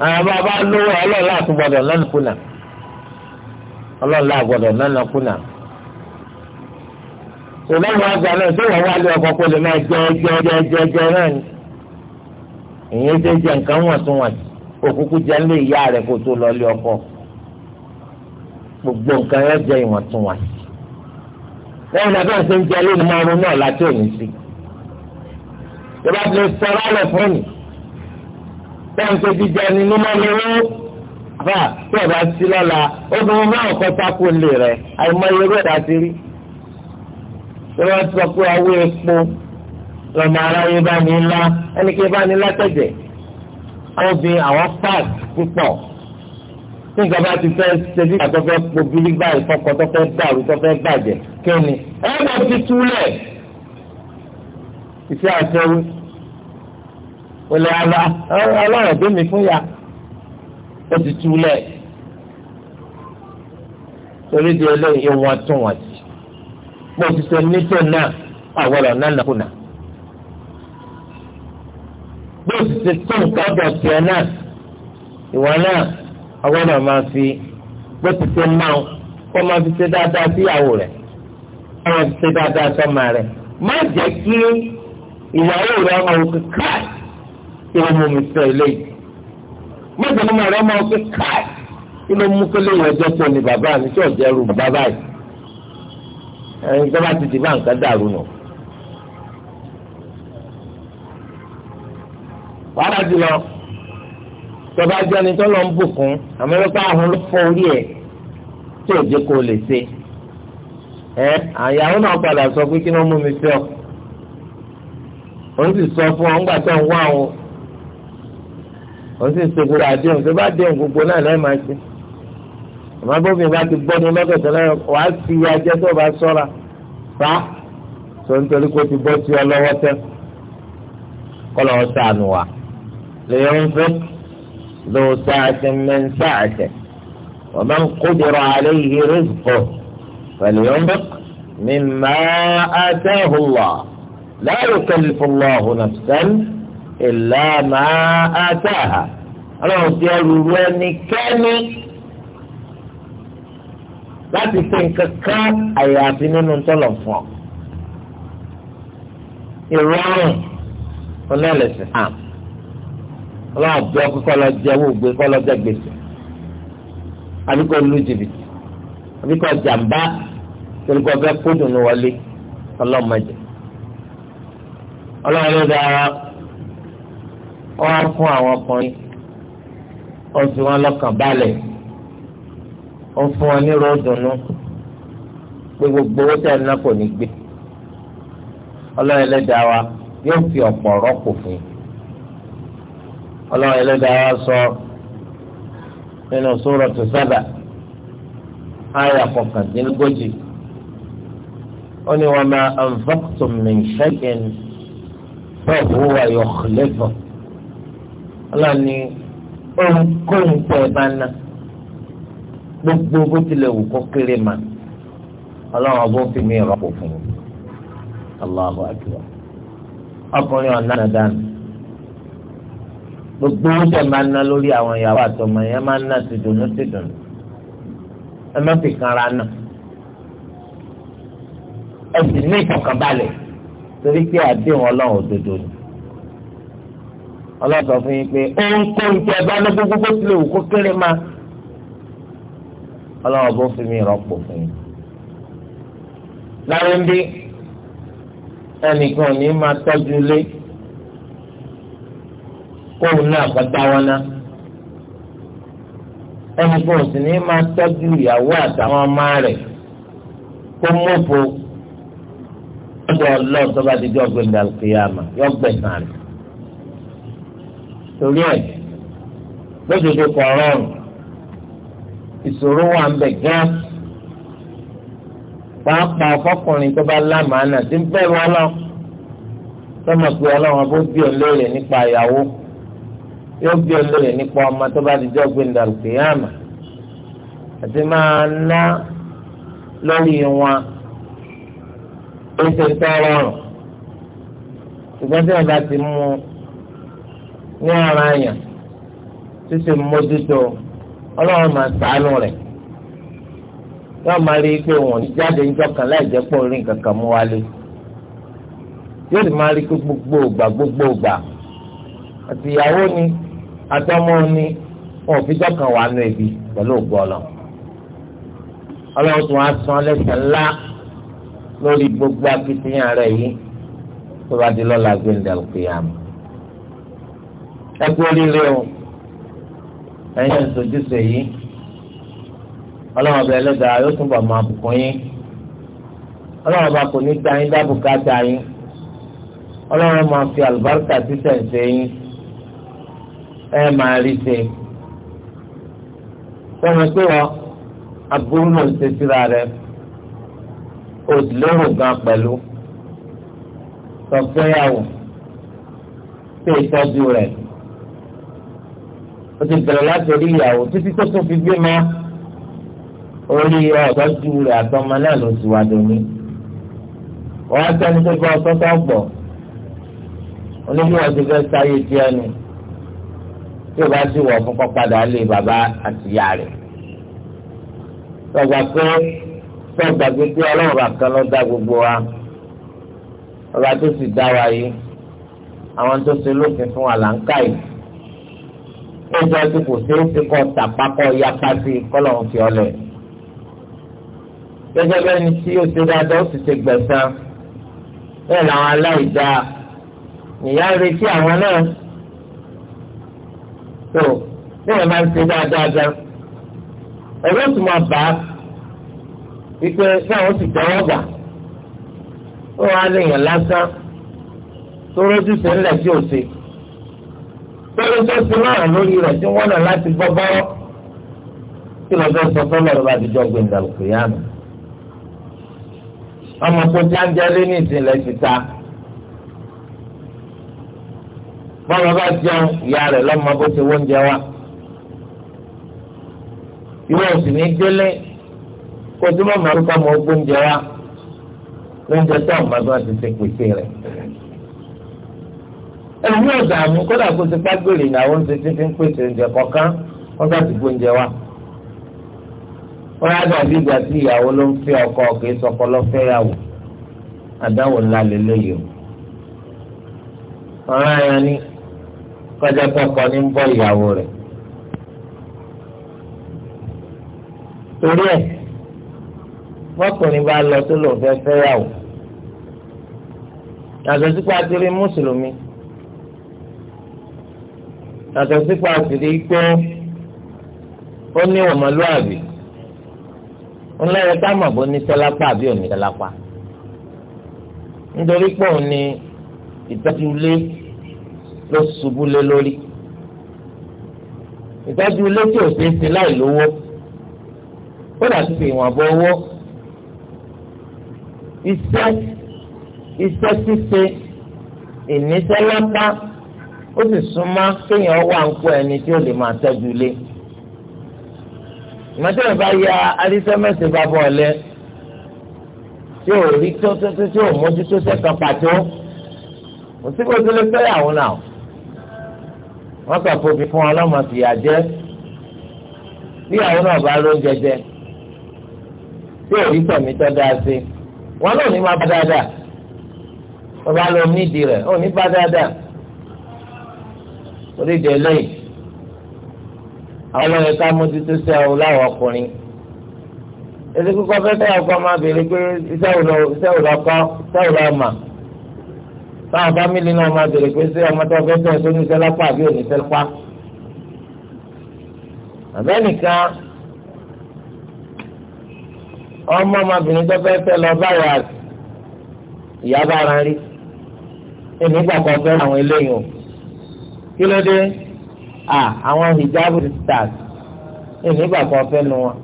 àwọn bàbá lówó ẹ̀ ọlọ́ọ̀lá àtúgbọ̀dọ̀ lọ́nà kùnà ọlọ́ọ̀lá àgbọ̀dọ̀ lọ́nà kùnà tòlẹ́wọ̀n àgbà náà tí wọ́n wá lé ọkọ̀ pé lè máa jẹ́ jẹ́ jẹ́ jẹ́ náà ni èyí ṣe jẹ nǹkan wọ̀ntúnwọ̀ntì òkúkú jẹ lé ìyá rẹ kó tó lọ lé ọkọ gbogbo nǹkan yẹn jẹ ìwọ̀ntúnwọ̀ntì lẹ́yìn náà bẹ́ẹ̀ ṣe ń jẹ lónìí márùn náà láti òní sí tó bá ti sọ lálẹ́ fún mi bẹ́ẹ̀ ń ṣe jíjẹ ni nínú ọmọ fà tí ọba sí lọ́la obìnrin náà kọ́ sáko lè rẹ̀ àìmọye rẹ̀ dá sí rí tí wọ́n sọ pé ọwọ́ epo lọ́mọ aráyé bá ní ńlá ẹnikẹ́ni bá ní látẹ̀jẹ̀ obìnrin àwọn park púpọ̀ tí ìjọba ti fẹ́ ṣẹbi àtọ́fẹ́ pobili báyìí fọkọ tọ́fẹ́ dàrú tọ́fẹ́ bàjẹ́ kẹ́ni ẹ lọ fi túlẹ̀ iṣẹ́ àṣẹwó olè àlá ọlọ́run gbé mi fún ya ó ti túlẹ̀ torí di eléyìí wọ́n tún wọ́n ti mo ti sọ nítòun náà àwọn ọ̀nà nàkúnà tó sì tó nǹkan ọ̀dọ̀ tiẹ̀ náà ìwọ náà ọgbọ́dọ̀ máa fi bó ti ṣe máa kó máa fi ṣe dáadáa síyàwó rẹ̀ kó máa fi ṣe dáadáa sọ́mà rẹ̀ má jẹ́ kí ìyàwó rẹ̀ ọmọ òkè káì kí ló mú mi sọ eléyìí má jẹ́ ọmọ rẹ̀ ọmọ òkè káì kí ló mú kí lóyún ọjọ́ tó ní bàbá mi tí ọ̀jẹ̀ rù bàbá báyìí ẹ̀yin tó bá ti dìbò àǹkà dàrú nù. wàhálà jùlọ tọba jẹni tó lọ ń bùkún àmọ́lẹ́pẹ́ àhún ló fọ orí ẹ̀ tí òjò kò lè ṣe ẹ àyàwó náà padà sọ pé kí ni wọ́n mú mi fẹ́ ọ òun sì sọ fún ọ ńgbà tó ń wá o òun sì ṣe gbogbo àdéhùn tó bá déhùn gbogbo náà lẹ́ẹ̀ máa ṣe àmọ́ bófin bá ti gbọ́ ní lọ́kẹ̀tẹ̀ náà wàá fi ajẹ́ tó bá sọ́ra fa tó ń torí kó ti bọ́ sí ọ lọ́wọ́ tẹ́ kọ́ lọ́wọ́ sànù wa. لينفق ذو ساعة من سعته ومن قدر عليه رزقه فلينفق مما آتاه الله لا يكلف الله نفسا إلا ما آتاها ọlọ́run ti ẹrù rú ẹnikẹ́ni láti ṣe nǹkan kan àyàfi nínú tọ́lọ̀ fún ọ. ìrọ̀rùn ọlọ́ọ̀lẹ́sìn hàn. ọlọ́wọ́ bí ọkọ kọ́ jẹ owó gbé jẹ gbèsè àbí lu jìbìtì àbí jàmbá fẹ́ wọlé ló dára fún àwọn ọkùnrin ó fi wọn lọ́kàn balẹ̀ ó fún wọn ní ròdùnú pé gbogbo owó tẹ̀ ná kò ní gbé ọlọ́wọ́ ẹlẹ́dàá yóò fi ọ̀pọ̀ rọ́pò ọlọ́run ẹlẹ́dàá sọ nínú Suratu Saba àyà kọkàndínlógójì ó ní wa ma anfaqtum min shay'in fa huwa yukhlifuh ọlọ́run ní ohunkóhun tẹ̀ ẹ bá ná gbogbo bó tilẹ̀ wù kó kéré ma ọlọ́run ọgbọ́n fi mí rọ́pò fún un ọkùnrin ọ̀nà dànù gbogbo oúnjẹ máa ń ná lórí àwọn ìyàwó àtọmọ yẹn máa ń ná tìdùnnú tìdùnnú ẹ má fi kan ra náà ẹ sì ní ìfọ̀kànbalẹ̀ torí pé àdéhùn Ọlọ́run òdodo ni Ọlọ́run sọ fún yín pé òun kó oúnjẹ bá ní gbogbo bó tilẹ̀ wù kó kéré ma Ọlọ́run bó fi mi rọ́pò fún yín láwọn ń ẹnìkan ní máa tọ́jú ilé kóun náà kọ́ dáwọ́ ná ẹnì kan sì ní máa tọ́jú ìyàwó àtàwọn ọmọ rẹ̀ kó mọ́po ọ̀dọ̀ ọlọ́ọ̀ tó bá ti di ọgbẹ́ ní alùpùpù yọ gbẹ̀sán rẹ̀ torí ẹ̀ lójoojú kọ̀ ọ̀rọ̀rùn ìṣòro wà ń bẹ̀ gán pàápàá fọkùnrin tó bá lámàánà tí ń bẹ̀rù ọlọ́ọ̀ tọ́mọ̀ pé ọlọ́wọ́n bó bí ọ lóore nípa ìyàwó. yóò gbé olórí nípa ọmọ tó bá di jọ́ gbé ndàlùkè yàmà àti máa ná lórí wọn ó ṣe tọrọ ọrùn ṣùgbọ́n tí bá ti mú ní tó ṣe mójútó ọlọ́run máa sàánú rẹ̀ yóò máa rí i pé wọn jáde gbogbo ògbà gbogbo ògbà àti ìyàwó ni àtọmọ ni wọn ò fi dọkàn wà nù ẹbí pẹ̀lú ògbọlọ Ọlọ́run tún á san lẹ́sẹ̀ ńlá lórí gbogbo akitiyan rẹ yìí tó bá di lọ́la gbẹndẹ òkèèyàn ẹgbẹ́ oríire o ẹ̀yin ìsojúṣe yìí Ọlọ́run ọbẹ Ẹlẹ́dàá yóò túnbọ̀ máa bùkún yín Ọlọ́run ọba kò ní gba yín dábùkátà yín Ọlọ́run máa fi àlùbáríkà títẹ̀ ń ṣe yín ẹ máa rí ṣe sọmọ pé wọn aburú náà ṣe síra rẹ òdìlérò gan pẹ̀lú sọfẹ́yàwó ṣe ìtọ́jú rẹ̀ o ti bẹ̀rẹ̀ láti orí ìyàwó títí tó tún fi gbé mọ́ orí ọ̀dọ́jú rẹ̀ àtọmọ náà ló ti wà dòní wọ́n á sẹ́ni tó gbọ́ ọ̀sọ́tọ̀ gbọ̀ oníbi wọn ti fẹ́ sáyé díẹ̀ nù tí o bá sì wọ̀ fún kọ́ padà lé bàbá àti ìyá rẹ̀ tọ́gbà pé tọ́gbà pé pé ọlọ́run bá kan ló dá gbogbo wa ọba tó sì dá wa yìí àwọn tó ṣe lófin fún wa là ń ká yìí ẹjọ́ tí kò ṣeé ṣe kọ́ tàpá ya pàṣẹ kọ́lọ́run fi ọlẹ̀ gẹ́gẹ́ bẹ́ẹ̀ ni tí o ṣe dáadáa ó sì ṣe gbẹ̀san bẹ́ẹ̀ làwọn aláìdáa nìyá retí àwọn náà tó lẹ́yìn máa ń ṣe dáadáa gan ẹ̀rọ tó máa bá wípé káwọn sì tẹ́wọ́ gbà ó wá léèyàn lásán tó rójú sí ńlẹ̀ tí ò ṣe pẹ̀lú tó ti náà lórí rẹ̀ tí wọ́n nà láti bọ́ bọ́rọ́ kí lọ́jọ́ sọ fún lọ́rọ̀ bá ti jọ gbẹ̀ǹdà òkè yánu ọmọ kó jáńjẹ́ lé ní ìsìnlẹ̀ ti ta. bọ́mọ bá jẹun ìyá rẹ̀ lọ́mọ bó ti wọ́n jẹ wá. ìwọ òsì ní délé kó tí mọ̀ máa ń kọ́ ọmọ ogún jẹ wá lóúnjẹ tó àwọn bàbá ti ṣe pèsè rẹ̀. ẹ̀mí ọ̀dà mi kódà kó ti pàgbèrè ìnáwó ń ṣe fi ń pèsè oúnjẹ kọ̀ọ̀kan wọ́n bá ti gbóúnjẹ wá. wọ́n á dàbí ìgbà tí ìyàwó ló ń fẹ́ ọkọ kì sọkọ lọ́fẹ́ yàwó àdáwò ńlá lélẹ́yìí o. ọ̀ràn ayọ̀ ni kọjá kọkọ ní ń bọ́ ìyàwó rẹ̀. torí ẹ̀ mọ́kùnrin bá lọ tó lòun fẹ́ fẹ́yàwó yàtọ̀ sípò àtìrí mùsùlùmí yàtọ̀ sípò àtìrí pé ó ní ọmọlúàbí ńlẹ́yìn ká mọ̀ bó ní sẹ́lápá àbí òní sẹ́lápá nítorí pé òun ni ìtọ́jú ilé ló ṣubú lé lórí ìtọ́jú ilé tí ò ṣeé ṣe láì lówó ó dà tún fi ìwọ̀n bọ owó iṣẹ́ iṣẹ́ ṣíṣe ìníṣẹ́ lápá ó sì súnmọ́ kéèyàn wà ń kó ẹni tí ó lè máa tọ́jú ilé ìmọ̀tẹ́rẹ̀ bá ya arísẹ́mẹ́sẹ̀ bá bọ̀ ọ̀lẹ́ tí ò rí tó tó tó tí mójútó sẹ́kàn pàtó òsínbó tó lè fẹ́ yàwó náà wọ́n kà fòfin fún ọlọ́mọ fìyà jẹ bí àwọn náà bá ló ń jẹjẹ tí èyí tẹ̀mí tọ́ dáa sí wọn náà ní máa bá dáadáa wọ́n bá lọ nídìí rẹ̀ ó ní bá dáadáa orídìí eléyìí àwọn ọlọ́yẹ ká mójútó sí àwọn láwọn ọkùnrin ètò kíkọ́ fẹ́ tẹ́wọ́ kọ́ máa béèrè pé iṣẹ́ òlọ́kọ́ iṣẹ́ òlọ́mà báwọn fámìlì náà máa bèrè pé ṣé ọmọ tó fẹ́ tẹ̀ tó ní sẹ́lá pa àbí òní sẹ́lá pa. àbẹ́ nìkan ọmọ ọmọbìnrin tó fẹ́ tẹ̀ lọ báyà ìyá bá ara rí èmi gbà kan fẹ́ àwọn eléyìí o kí ló dé àwọn hijab stars èmi gbà kan fẹ́ nu wọn.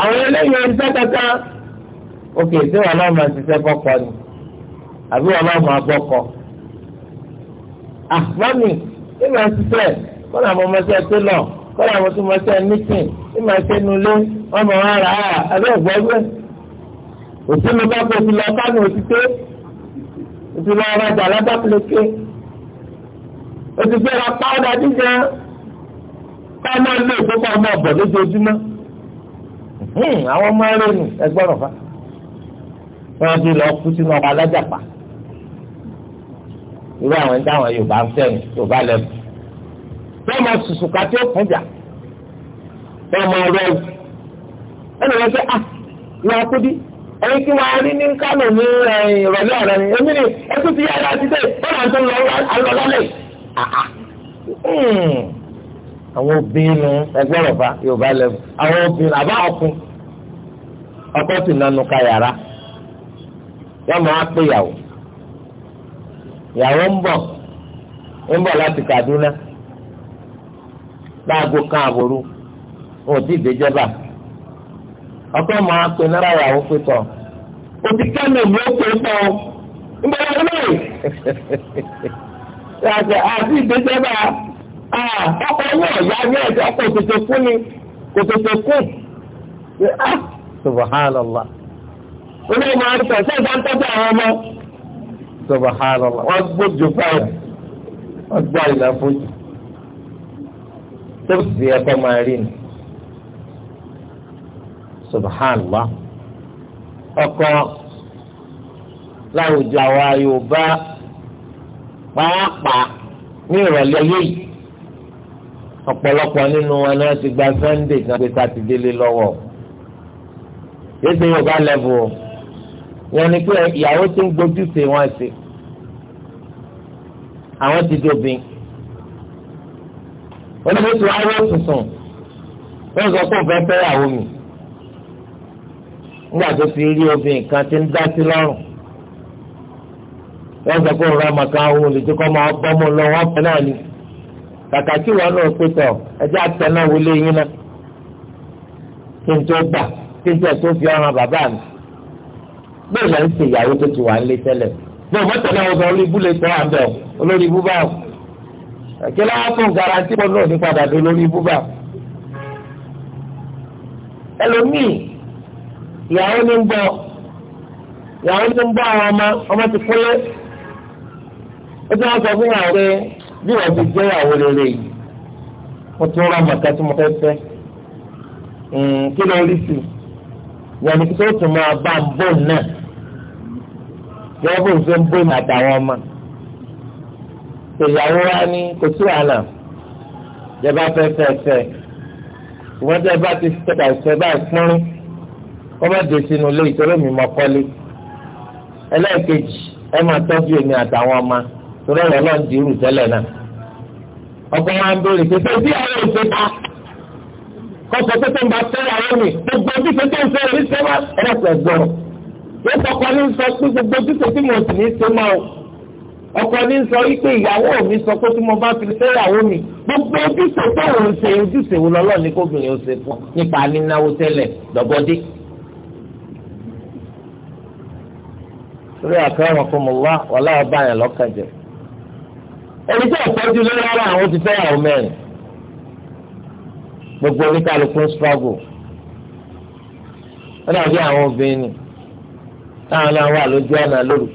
àwọn eléyìí ń tẹ́ kankan òkè tí wọn náà máa ṣiṣẹ́ kọ́kọ́ ni àbí wọn náà máa bọ́kọ. àmọ́mì nínú ẹ̀sìtẹ̀ kọ́nà àwọn ọmọọṣẹ́ tó lọ kọ́nà àwọn tó mọṣẹ́ mítìn nínú ẹ̀sẹ̀ nulẹ̀ wọ́n mọ̀ wọ́n rà á abẹ́ ìgbẹ́gbẹ́. òsínú bá kó ti lọ kánú òtítẹ́ òtí lọ rajà lábàpìlẹ̀kẹ òtí gbéra pàdà jíjẹ pàmò ilé ìfowópamọ́ ọmọ ọ̀bọ̀ lójoojúmọ́ hmm, àwọn ọmọ ẹrẹ́ nù ẹgbọ́n ọ̀fà wọ́n ti lọ kú sínú ọkọ̀ alájàpá irú àwọn ẹni táwọn Yorùbá ń fẹ́ Yorùbá lẹ́nu bẹ́ẹ̀ máa sùsù ká tí ó fún jà bẹ́ẹ̀ máa rẹ́ o ẹnì wọn sọ à ní akudi ẹni tí wọn rí ní Kánò ní ìrọ̀lẹ́ ọ̀rẹ́ ni èmi ni ẹtú ti yára ti dé bẹ́ẹ̀ máa tó lọ alọ́lọ́lẹ̀ ah, ah. hmm. àwọn obìnrin ẹgbẹ́ rọ̀bá Yorùbá lẹ́nu àwọn obìnrin àbá ọkùn ọkọ̀ sì nánú ká yàrá yọ máa pè yàwó. ìyàwó ń bọ̀ ń bọ̀ láti Kaduna láago kan àbòrú wọn ò tí ì ọkọ máa pe náírà ìyàwó pé tọ òtí kẹ́mi ló pé tọ ń bọ̀ lọ́wọ́ lọ́wọ́ yàtọ̀ àti ìdéjọba ọkọ̀ yóò yá ní tètè kú ni Subhanallah wọ́n gbójú fáwọn wọ́n gbá ìlà fojú tó sì ẹ̀kọ́ máa rí ni Subhanallah ọkọ láwùjọ àwa Yorùbá pàápàá ní ìrọ̀lẹ́ yìí ọ̀pọ̀lọpọ̀ nínú wọn náà ti gba Sunday kan pé sátidé lé lọ́wọ́ yéé ṣe Yorùbá lẹ́bù o yẹn ni pé ìyàwó ti ń gbójú ṣe wọn ṣe àwọn ti dòbin olùdókòwò ayé tuntun wọn sọ pé òfin fẹ́ ìyàwó mi nígbà tó fi rí obìnrin kan ti ń dá sí lọ́rùn wọn sọ pé òun ọmọ kan òun olùdókòwò kọ́ máa bọ́ mọ́ lọ wọn fẹ́ náà ni kàkà tí wọn náà pé ẹjẹ àtẹnáwó lé yín náà kí n tó gbà kí n tó fi ọràn bàbá mi bẹ́ẹ̀ lọ ń ṣe ìyàwó tó ti wà ń lé tẹ́lẹ̀ bẹ́ẹ̀ mọ́tò náà wọ́n sọ orí ibú lè tọ́ àbẹ̀ olórí ibú bá wò kí lọ́wọ́ fún garanti wọn náà ní padà dé lórí ibú bá wò. ẹlòmíì ìyàwó ní ń bọ̀ ìyàwó ní ń bọ̀ àwọn ọmọ ọmọ ti kúlé ó ti wọ́n sọ fún yàrá pé bí wọ́n ti jẹ́ ìyàwó rere yìí mo tún rọ màkà tí mo fẹ́ fẹ́ kí ló yẹn ni tó tún máa bá ń bò náà yọ bó ṣe ń bò àtàwọn ọmọ ìyàwó wa ni kò sí àná ìjọba fẹ́ fẹ́ fẹ́ ìwọ́n tẹ́ bá ti tẹ̀ka ìfẹ́ bá ìpínrín wọ́n bá dé sínú ilé ìtọ́rọ̀ mi mọ́ kọ́lé ẹlẹ́ẹ̀kejì ẹ máa tọ́jú èmi àtàwọn ọmọ torí ọ̀rọ̀ náà di irú tẹ́lẹ̀ náà ọkọ wa ń béèrè pé ṣé bí ọ̀rọ̀ ìṣèta kọsọ pé tó ń bá fẹ́ràn ayé mi gbogbo títí tó ń fẹ́ràn ní sẹ́wà ẹ̀rẹ́sẹ̀ gbọ́rọ̀ yóò tọkọ ní sọ pé gbogbo títí tí mo sì ní ṣe máa o ọkọ ní sọ wípé ìyàwó mi sọ pé tí mo bá fi fẹ́yàwó mi gbogbo ojúṣe tó ń ṣe ojúṣe wo lọ́lọ́ ní kóbìnrin ó ṣe fún nípa nínáwó tẹ́lẹ̀ dọ́gbọ́dé. lórí àkàrà fún mi wá wàhálà ọba yẹn lọ́kàn jẹ gbogbo oníkàlùkù ń struggle ó dàbí àwọn obìnrin táwọn náà wà lójú ọ̀nà lóru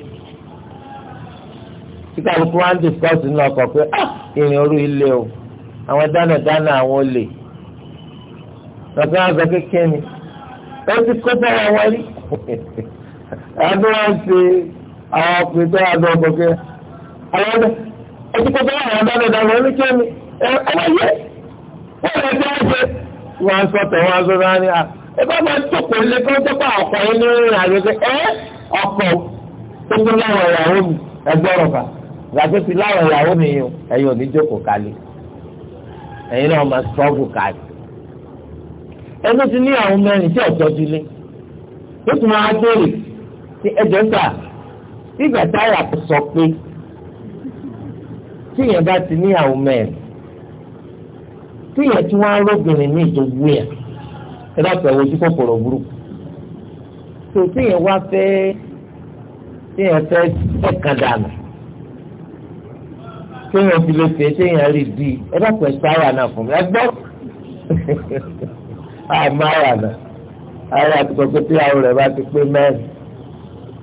kíkàlùkù wá ń discuss nínú ọkọ̀ pé ah, ìrìn òru ilé o àwọn dánadáná àwọn olè lọ́sọ̀rọ̀ àgbà kékeré ni ó ti kó sára wọn rí ẹni wọn ṣe àwọn ọkùnrin tó wà lọ ọkọ̀ pé àwọn ọdẹ ó ti kó sára àwọn dánadáná oníkéèmí ẹ ọwọ́ yẹ. wọ́n lè bí wọ́n wọ́n sọ tẹ̀ wọ́n sọ náà ni ẹ bá máa lé kí wọ́n tó pa ọkọ̀ yín ní ìrìn àjò pé ẹ ọkọ̀ tó láwọn ìyàwó mi ẹgbẹ́ ọ̀fà gbàgbé ti láwọn ìyàwó mi yìí ẹ̀yin ò jókòó kálí ẹ̀yin náà máa sọ́ọ̀bù kálí ẹni tí ní àwọn mẹ́rin tí ọ̀tọ́jú lé ó tún máa tí tí yẹn tí wọ́n á lóbìnrin ní ìdógún yẹn ẹ dákẹ́ wo sí kòkòrò burúkú tó tí yẹn wá fẹ́ tí yẹn fẹ́ ẹ̀kan dànù tí yẹn fi lè fẹ́ tí yẹn rí di ẹ dákẹ́ sáyà náà fún mi ẹ gbọ́ (laughs) àmọ́ àyà náà àyà àti kòkòrò tí àwọn rẹ̀ bá ti pé mẹ́rin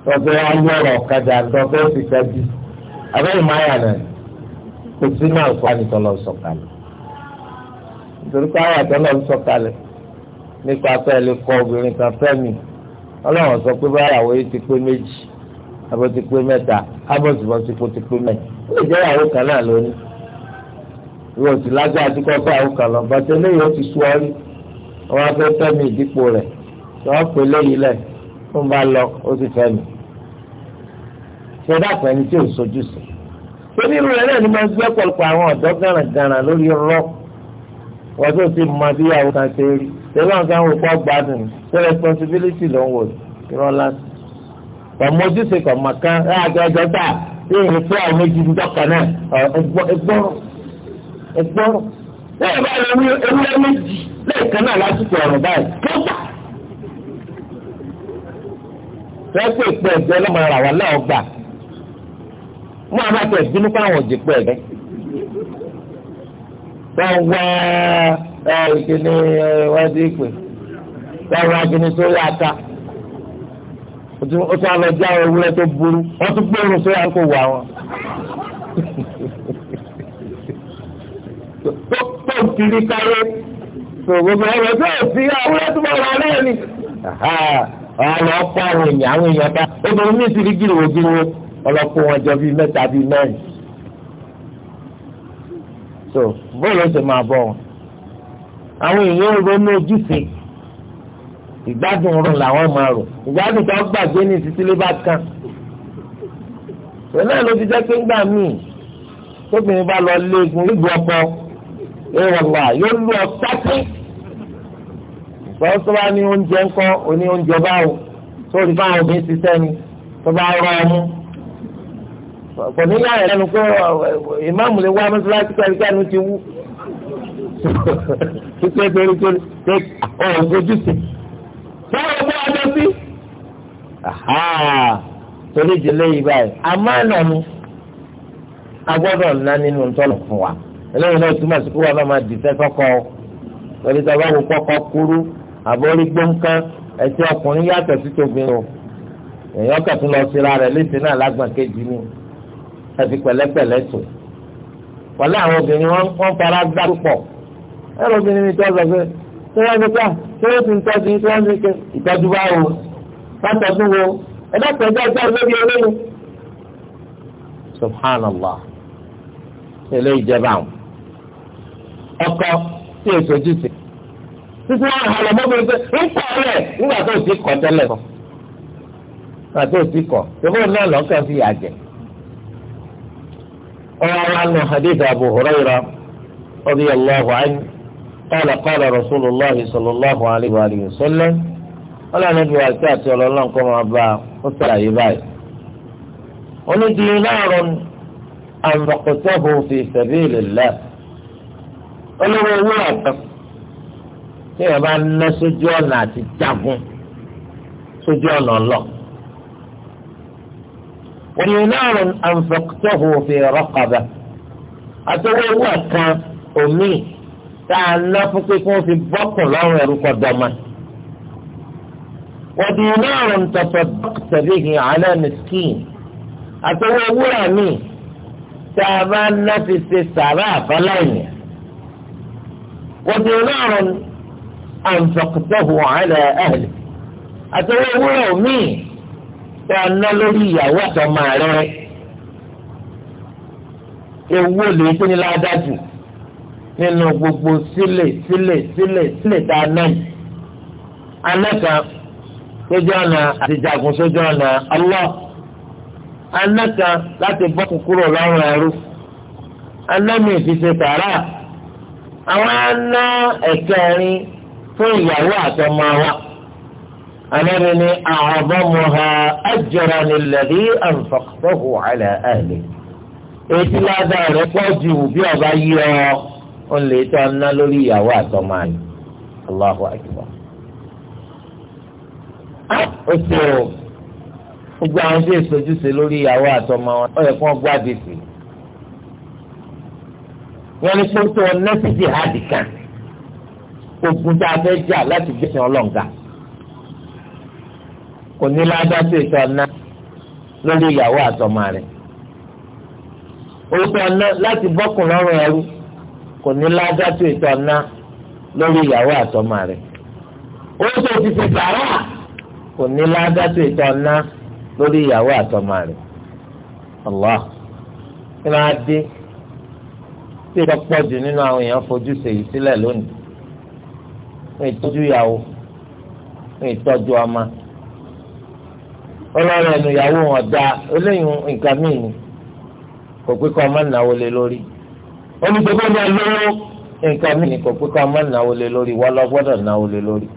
tọ́fẹ́ ayọ̀rọ̀ ọ̀kadà tọ́fẹ́ òsìkadì abẹ́rẹ́ máyà náà kò sínú àlùkò ànìtọ́lọ́ sọ̀kalẹ̀ nítorí pé àwọn àtọ́nà ń sọ̀kalẹ̀ nípa pẹ́ẹ́lẹ́ kọ obìnrin kan fẹ́mi ọlọ́run sọ pé báyàwó yìí ti pé méjì abọ́ ti pé mẹ́ta abọ́sibọ́sí kò ti pé mẹ́ta ó lè jẹ́ ìyàwó kan náà lónìí ìwọ sì lágbára tí kò fẹ́ àwọn kan lọ bàtẹ́ lẹ́yìn ó ti sú ọ rí wọn á fẹ́ fẹ́mi ìdípò rẹ̀ tí wọ́n pè lẹ́yìn lẹ̀ ó ń bá lọ ó sì fẹ́mi ṣẹ́dá pẹ̀lú tí ò sojú sí. torí irú ni máa ń gbẹ́ àwọn ọ̀dọ́ gàràngàrà lórí rọ́ọ̀kù wọ́n tó ti mọ bí ìyàwó kan ṣe rí tẹ́lẹ̀ nǹkan wò pọ̀ gbádùn ṣé responsibility ló ń wò irọ́ láti. kọ̀mọ́júṣe kọ̀mọ̀kan láàjọ ọjọ́ tà tí èyí fẹ́ àwọn méjì ń dọ́kà náà ẹgbọ́rọ̀ ẹgbọ́rọ̀. lẹ́yìn bá lọ ní ewúrẹ́ méjì lẹ́ẹ̀kan náà lásìkò ọ̀rọ̀ báyìí tó gbà. rẹ́pẹ̀ ìpẹ́ ẹ̀jẹ̀ ọlọ́mọ wọ́n wá ìkíni wọ́n ti pè wọ́n wá ìkíni sórí ata o tún àlọ́ jẹ́ àwọn ewúrẹ́ tó burú wọ́n tún gbóòórùn sórí àkókò wà wọn. tó tó kiri káyé tó gbogbo ọ̀rọ̀ tó sí ewúrẹ́ tó bá wà náà ni. àwọn ọkọ àwọn èèyàn àwọn èèyàn bá obìnrin ní ìsirigi rò gírí wọn ọlọ́pàá wọn jọ bíi mẹ́ta bíi mẹ́rin so bóyá ó sì máa bọ̀ wọn. àwọn èèyàn ń ronú ojúṣe ìgbádùn rò làwọn máa rò ìgbádùn tó gbàgbé ní títí lé bá kàn. òun náà ló ti jẹ́ pé ńgbà míì tóbìnrin bá lọ lé egun níbi ọkọ ìrọ̀lá yóò lu ọ̀tá pín. ìgbọ́n tó bá ní oúnjẹ ńkọ́ oní oúnjẹ báwo tó rí báwo bí ń ṣiṣẹ́ ni tó bá rọ ọmú kò ní láyà lẹ́nu pé eh, ìmáàmù lè wá mọ́sálásí kárí kárí ti wú kíkẹ́ torí torí pé ọ̀hún ojú sí. sọ́wọ́n bá a lọ sí. torí ìdílé yìí báyìí àmánà ni a gbọ́dọ̀ ná nínú ntọ́lọ̀ fún wa eléyìí náà túmọ̀ sí pé wọn náà máa dìtẹ́ kọ́kọ́ torí tí a bá wo kọ́kọ́ kúrú àbórí gbóǹkan ẹ̀sìn ọkùnrin yàtọ̀ sí tòbí o èèyàn kàtún lọ síra rẹ̀ léṣe náà lágbàkejì ni ẹ̀fì pẹ̀lẹ́pẹ̀lẹ́ tó wọlé àwọn obìnrin wọn wọn fara gbá púpọ̀ ẹ̀rọ obìnrin mi tọ́ sọ pé ṣé wọ́n ti ká ṣé wọ́n ti ń tọ́jú ṣé wọ́n ti ń ké ìtọ́jú bá wo látọ̀jú wo ẹ̀dá tẹ̀jú ẹ̀jẹ̀ lórí olóyún. subhanallah ilé ìjẹba àwọn ọkọ tí èso ojúṣe títí wọn àlọ mọbìnrin pé ń kọ rẹ nígbà tó ti kọ tẹ́lẹ̀ kọ nígbà tó ti kọ ṣé bóun náà lọkàn fi yà jẹ. ويرى أنه حديث أبو هريرة رضي الله عنه قال قال رسول الله صلى الله عليه وآله وسلم ولا نبي أكاتي ولا لنكم أبا وسلا يباي ولدينار أنفقته في سبيل الله ولو وافق tí ẹ bá ń ná sójú ọ̀nà ودينار أنفقته في رقبة أتقول لك أمي تعالى فكيكم في بطن أو يرقى ودينار تصدقت به على مسكين أتقول أمي تعالى نفس السراء فلن ودينار أنفقته على أهلك أتقول أمي tẹ ọ̀nà lórí ìyàwó àtọmọ rẹ ewu lè tó ní ládàjù nínú gbogbo sílè sílè sílè sílè tá a náà anáka sójú ọ̀nà àtijàgùn sójú ọ̀nà Allah anáka láti bọ́ kúkúrò lọ́rùn ẹrú anámi ìfisè tààrà àwọn aná ẹ̀kẹrin fún ìyàwó àtọmọ wa anabi ni àhọ́bọ́mọ́ha ajọ́ra ni lẹ́bí ànfàkọ́hù àlẹ́ àlẹ́ etí ládàá rẹ pọ̀ ju bí ọba yí ọ ó lè tọ́ ná lórí ìyàwó àtọ́mọ́ àlẹ́ Allahu akbar. ó ṣe o gbogbo àwọn tí èso ojúṣe lórí ìyàwó àtọ́mọ́ wọn ó yẹ kí wọ́n gbọ́ àdìsí wọ́n ní pé tó hádìkan ogun tá a fẹ́ jà láti gbẹ̀sẹ̀ ọlọ́ǹga kò ní ládàtì ìtọ́ ọ̀nà lórí ìyàwó àtọmọ rẹ̀ orúkọ ọ̀nà láti bọ́kùn lọ́rùn ẹrú kò ní ládàtì ìtọ́ ọ̀nà lórí ìyàwó àtọmọ rẹ̀ orúkọ òtítì sàrà kò ní ládàtì ìtọ́ ọ̀nà lórí ìyàwó àtọmọ rẹ̀ Allah kí ló á dé tí ìjọ pọ̀ jù nínú àwọn èèyàn fojú sèyí sílẹ̀ lónìí wọ́n ìtọ́jú ìyàwó wọ́n ìtọ́jú ọmọ ọlọ́run ẹnu ìyàwó wọn da eléyìí nǹkan míì ni kò pé kọ́ ọmọ ìnáwó lé lórí olùdókòwò náà lówó nǹkan míì ni kò pé kọ́ ọmọ ìnáwó lé lórí wọ́n lọ gbọ́dọ̀ náwó lé lórí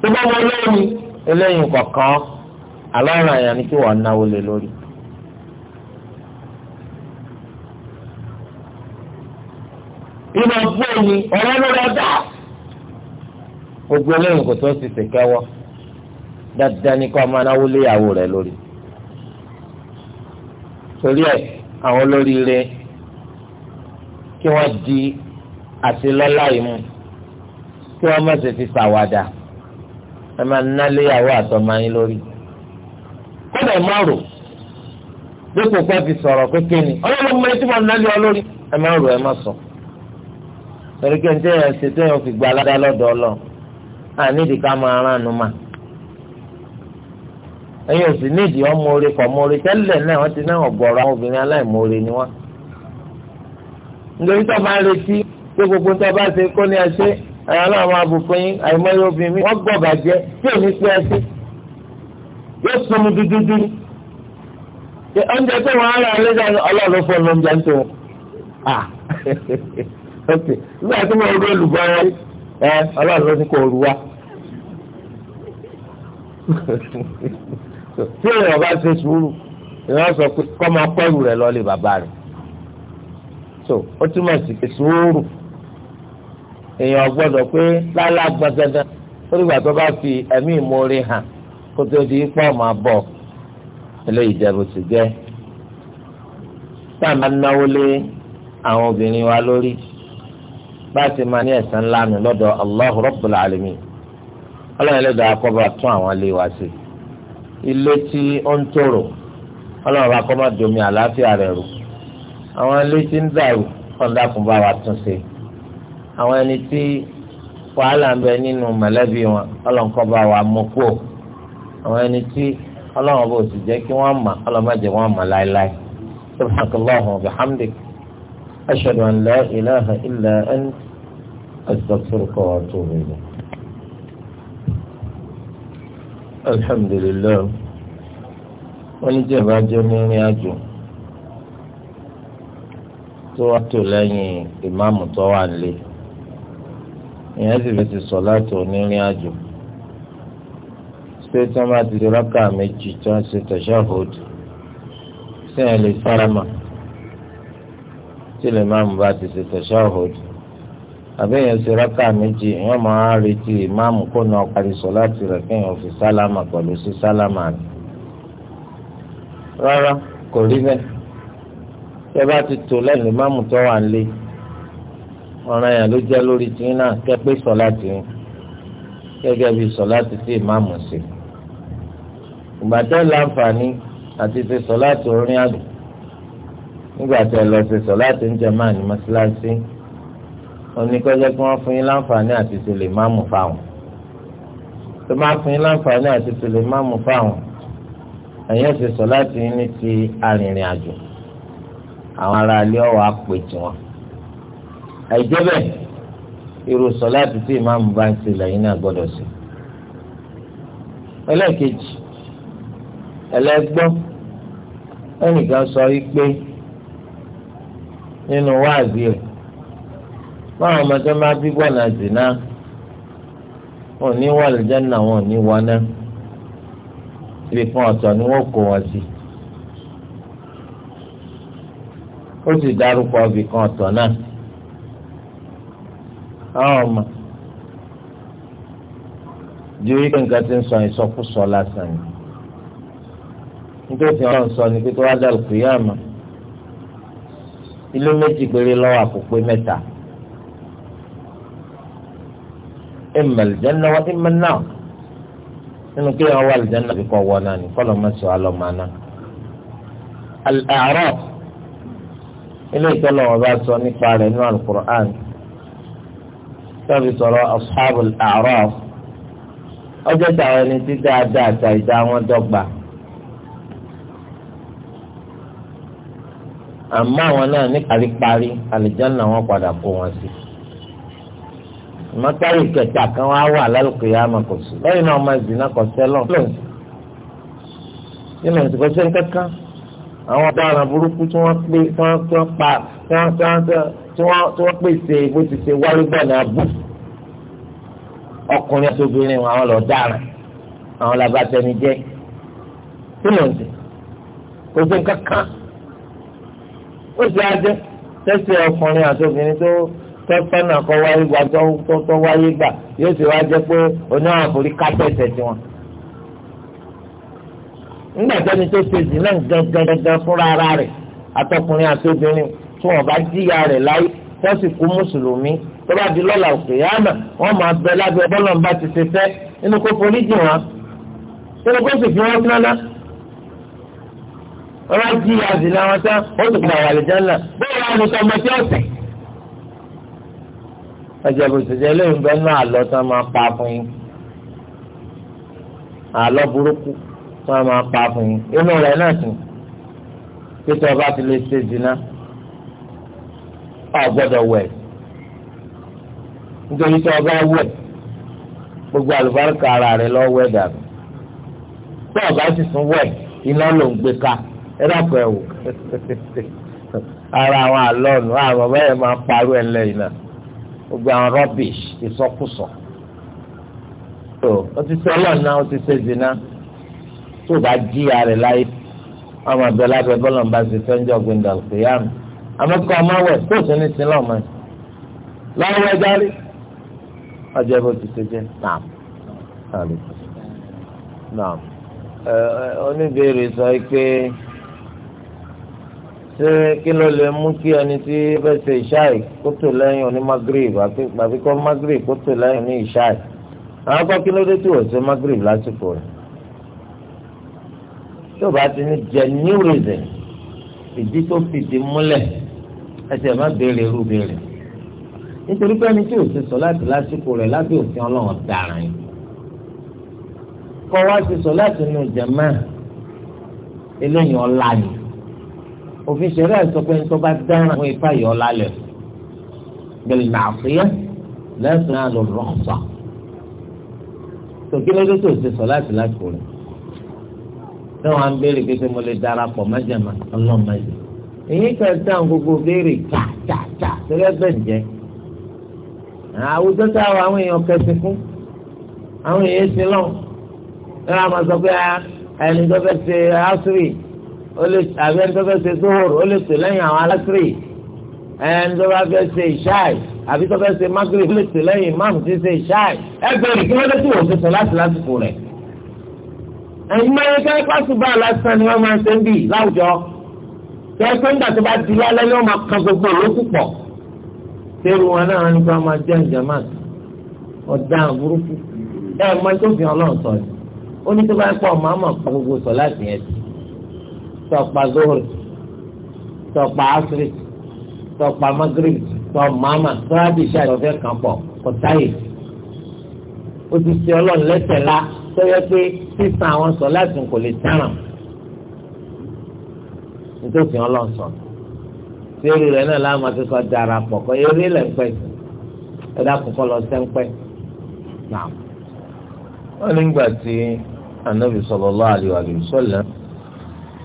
tó bá wọn lórí eléyìí kọ̀ọ̀kan alọ́run àyàn ni kí wọ́n náwó lé lórí. ìmọ̀ fún ẹ̀yìn ọ̀rọ̀ ló lọ dá gbogbo eléyìí kò tó ti ṣèkẹ́wọ́ dandan ni kó ọmọ anáwó léyàwó rẹ̀ lórí torí ẹ̀ àwọn olóríire kí wọ́n di àti lọ́lá ìmú kí wọ́n má ṣe fi ṣàwàdà ẹ máa ná léyàwó àtọmọ yín lórí kódà ẹ má rò dípò pé fi sọ̀rọ̀ kékeré ni ọlọ́run mọ etí wọn nálẹ́ ọ lórí ẹ má rò ẹ má sọ. torí pé njẹ́ ẹ ṣètò yẹn fi gba aládá lọ́dọ̀ ọlọ́ àníìdí máa rán àánú mà ẹ̀yin òsì nídìí ọmọ orí kọ̀ ọmọ orí tẹ́lẹ̀ náà wọ́n ti náà ọ̀gọ̀ọ̀rọ̀ àwọn obìnrin aláìmoore ni wọ́n. nítorí tó máa retí pé gbogbo tó bá ṣe kó ní ẹṣẹ́ ẹ̀yàn náà máa bù fún yín àìmọye obìnrin mi wọ́n gbọ́ bàjẹ́ tí ò ní pé ẹṣẹ́ yóò sún mi dúdúdú. oúnjẹ tó wọn á rà lẹ́sẹ̀ ọlọ́run fún oúnjẹ ń tó wọn. nígbà tí mo rí olùgbọ́ ẹ ọlọ́run ló ní kò rú wa tí èèyàn bá ṣe sùúrù èèyàn sọ pé kọ́ máa pẹ́rù rẹ̀ lọ́lé bàbá rẹ̀ so ó túmọ̀ sí pé sùúrù èèyàn gbọ́dọ̀ pé lálá gbọ́dọ̀dọ̀ orígbà tó bá fi ẹ̀mí ìmoore hàn kó tó di pọ́ máa bọ̀ eléyìí jẹ́ bó ti jẹ́ táà máa náwó lé àwọn obìnrin wa lórí bá a ti máa ní ẹ̀san ńlá mi lọ́dọ̀ Allah Rabbul Alamin ọlọ́run ẹlẹ́dàá akọ́bà tún àwọn ilé wa sí i. ilé tí ó ń tòrò ọlọ́run bá kọ́ má domi àlàáfíà rẹ̀ rò àwọn ilé tí ń dàrú ọ̀dàkùn bá wa tún ṣe àwọn ẹni tí wàhálà ń bẹ nínú mọ̀lẹ́bí wọn ọlọ́run kọ́ bá wa mú kúò àwọn ẹni tí ọlọ́run bò sì jẹ́ kí wọ́n mọ̀ ọlọ́run má jẹ́ wọ́n mọ̀ láéláé subhanakallahu wa bihamdik ashhadu an la ilaha illa ant astaghfiruka wa atubu alhamdulilayi wọ́n ní jẹba jẹ mírin àjò tó wá tó lẹ́yìn ìmáàmù tó wà nílé ìyẹn sì fẹsẹ̀ sọ láti onírin àjò pé tí wọ́n bá ti di rákà méjì tí wọ́n ṣe tashahhud sí ẹ lè farama tí lè bá ti ṣe tashahhud àbẹ́yẹn ṣe rákà méjì èèyàn máa ń retí ìmáàmù kó náà parí sọ̀láàtì rẹ̀ kéèyàn fi sálámà pẹ̀lú sí sálámà ni. rárá kò rí bẹ́ẹ̀ tẹ bá ti tò lẹ́nu ìmáàmù tó wà ń lé ọ̀ràn yẹn ló jẹ́ lórí tí náà kẹ́ pé sọ̀láàtì ń gẹ́gẹ́ bí sọ̀láàtì tí ìmáàmù ṣe. ìgbà tẹ́ láǹfààní àti ṣe sọ̀láàtì orin àdùn nígbà tẹ́ lọ ṣe sọ̀láàtì ń jẹ máà ní mọ́ṣáláṣí oníkọ́jẹ́ kí wọ́n fún yín láǹfààní àti tòlè má mú fáwọn tó bá fún yín láǹfààní àti tòlè má mú fáwọn ẹ̀yìn ẹ̀sìn sọ láti ní ti arìnrìn àjò àwọn ará ilé ọ̀wọ́ àpè tiwọn àìjẹ́ bẹ́ẹ̀ irú sọ láti tí ìmáàmù bá ń tilẹ̀ yín náà gbọ́dọ̀ sí ẹlẹ́ẹ̀kejì ẹlẹ́gbọ́n ẹnìkan sọ wípé nínú wáàzì rẹ̀ fáwọn ọmọdé ma bí gbọ́nà zina wọn ò ní wọ àlùjáná wọn ò ní wọ náà ibi kan ọ̀tọ̀ ni wọ́n kó wọn sí. ó sì dárúkọ ibi kan ọ̀tọ̀ náà. àwọn ọmọ ju ike nǹkan ti ń sọ ìsọkúsọ lásán ni. nítorí wọn sọ ni pé tó wá ilé méjì péré imma aljanna wa imma an-nar nínú kí wọn wá aljanna bí kò wọ náà ní kọlọ má sọ alọ má náà. al-a'raf ilé ìtọ́lọ̀ wọn bá sọ nípa rẹ̀ nínú al-Qur'an tàbí sọ̀rọ̀ ashabul a'raf ọjọ́ táwọn ẹni tí dáadáa àtà ìdá wọn dọ́gba. àmọ́ àwọn náà ní paríparí àlùjánnà wọn padà kó wọn sí i mọ́tàrí kẹta kan wá wà lálùkù yá máa kò sí lẹ́yìn náà ọmọ ìdìnnà kò sẹ́lọ̀ nínú ìsìnkú sẹ́ni kankan àwọn ọ̀daràn burúkú tí wọ́n pè tí wọ́n pa tí wọ́n pèsè bó ti ṣe wárígbọ̀ ní abú ọkùnrin àti obìnrin àwọn lọ dáràn àwọn làbàtẹni jẹ́ nínú ìsìn kò sẹ́ni kankan ó sì á jẹ́ tẹ́sí ọkùnrin àti obìnrin tó tọ́sọ́nà kọ́ wáyé gbà tọ́ wáyé gbà yóò sì wá jẹ́ pé oní àwọn àforí kápẹ́tẹ̀ tiwọn. nígbà tó ní tó ṣe sí náà gangan fúnra ara rẹ̀ atọkùnrin àtobìnrin tí wọ́n bá jíya rẹ̀ láyé tó sì kú mùsùlùmí tó bá di lọ́la òkè yánà wọ́n máa bẹ lábẹ́ bọ́lọ̀ ń bá ti ṣe fẹ́ inú kó forí jì wọ́n inú kó sì fi wọ́n sínáná wọ́n bá jíya sí náà tán ó sì ẹjẹ bó ṣe jẹ eléyìí bẹ́ẹ̀ náà àlọ́ tí wọ́n máa pa fún yín àlọ́ burúkú tí wọ́n máa pa fún yín inú rẹ̀ náà sùn pé tí wọ́n bá ti lè ṣe dìná ọ̀ gbọ́dọ̀ wẹ̀ nítorí tí wọ́n bá wẹ̀ gbogbo àlùbáríkà ara rẹ̀ lọ́ wẹ̀ dànù tí wọ́n sì tún wẹ̀ iná ló ń gbé ká ẹ dákọ̀ ẹ̀ (laughs) ara àwọn àlọ́ nù àwọn bẹ́ẹ̀ máa parọ́ ẹ̀ lẹ́yìn náà gbogbo àwọn rubbish ìsọkúsọ tó o ti ṣe ọlọ́ọ̀nà o ti ṣe zina tó o bá jí ààrẹ láyé ọmọ abẹ lábẹ bọ́lá ń bá ṣe fẹ́ńjọ́ gbẹ̀ndà òkèèyàn amẹ́kọ́ ọmọ wẹ̀ tó o sì ní sinlọ́ ọmọ yìí lọ́wọ́ ẹja rí ọjọ́ bó ti ṣe jẹ́ nàám nàám oníbèrè sọ pé ṣé kí ló lè mú kí ẹni tí bẹ́ẹ̀ ṣe ìṣáì kó tó lẹ́yìn oní magrib àbí kọ́ magrib kó tó lẹ́yìn oní ìṣáì àwọn akọ́ kí ló dé tí wọ́n ṣe magrib lásìkò rẹ̀ tó bá ti ní genuine reason ìdí tó fìdí múlẹ̀ ẹsẹ̀ má béèrè irú béèrè nítorí pé ẹni tí ò ṣe sọ láti lásìkò rẹ̀ lábẹ́ òfin ọlọ́run dàrán yìí kọ́ wá ṣe sọ láti nu jẹ̀mọ́ eléyìí ọ̀la yìí òfin ṣẹlẹ̀ sọ pé nítorí bá dáná wọn ìfà yọ lálẹ́ bẹ́ẹ̀ nà àfíyẹ lẹ́sìn náà ló rọ̀ṣà tòkí lóde tó ṣe sọ láti lásìkò rẹ̀ tí wọ́n á ń béèrè pé mo lè darapọ̀ májàmá ọlọ́mọdé èyí ká dáhùn gbogbo béèrè tààtààtà tẹ́lẹ̀ bẹ́ẹ̀ jẹ́ àwùjọ táwọn àwọn èèyàn kẹsìn fún àwọn èèyàn ṣe lọ́wọ́ ẹ máa sọ pé ah, ẹni tó fẹ́ ṣe àṣírí ó lè àbí ẹni tó fẹ́ ṣe sóhòrò ó lè ṣe lẹ́yìn àwọn alásìrì ẹni tó bá fẹ́ ṣe ìṣáì àbí tó fẹ́ ṣe mágírì ó lè ṣe lẹ́yìn ìmáàmù tí ṣe ìṣáì ẹgbẹ́ rẹ̀ e, kí wọ́n lè tún òfin sọ láti lásìkò rẹ̀. ẹ̀yin máa yẹ kẹ́ pásùbà lásán ni wọ́n máa ṣe ń bì láwùjọ kẹ́kẹ́ ńgbà tó bá di lálẹ́ ni wọ́n máa kan gbogbo olókù pọ̀. sẹ́rù wọn náà ní ká máa jẹ́ tọ̀pà zohori tọ̀pà asiri tọ̀pà magrib tọ̀màmà tíradìṣà ìrọ̀fẹ́ kan pọ̀ kọ̀táyè o ti ṣe ọlọ́run lẹ́sẹ̀ la sọ́yẹ́ pé sísan àwọn sọ láti kò lè tẹ̀ràn nítòsí ọlọ́run sọ tí eré rẹ̀ náà láwọn ti sọ darapọ̀ kọ́ eré lẹ̀ ń pẹ́ sí ẹ̀dá kọ́kọ́ lọ sẹ́ńpẹ́ náà. wọ́n nígbà tí anabi sallallahu alaihi wa sallam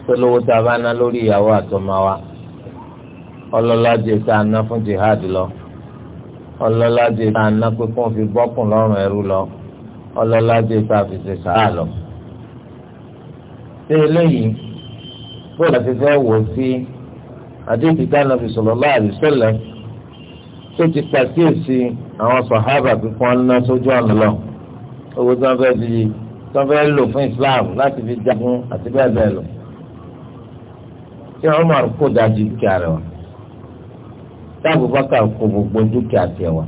pé lówó tá a bá ná lórí ìyàwó àtọmọ wa ọlọ́lá jẹ tá a ná fún jihad lọ ọlọ́lá jẹ tá a ná pé kó fi bọ́kùn lọ́rùn ẹrú lọ ọlọ́lá jẹ tá a fi ṣe sàrà lọ. ṣé eléyìí bóyá ti fẹ́ wò sí àdéhùn ìdáná fi sọ̀rọ̀ láàrin sẹ́lẹ̀ tó ti pàkíyèsí àwọn sàhábà pípọ́n ná sójú ọ̀nà lọ owó tí wọ́n fẹ́ fi tí wọ́n fẹ́ lò fún Islam láti fi jagun àti bẹ́ẹ̀ bẹ́ẹ̀ lọ. tí Umar kó dájú dúkìá rẹ̀ wá tí Abubakar kó gbogbo dúkìá tiẹ̀ wá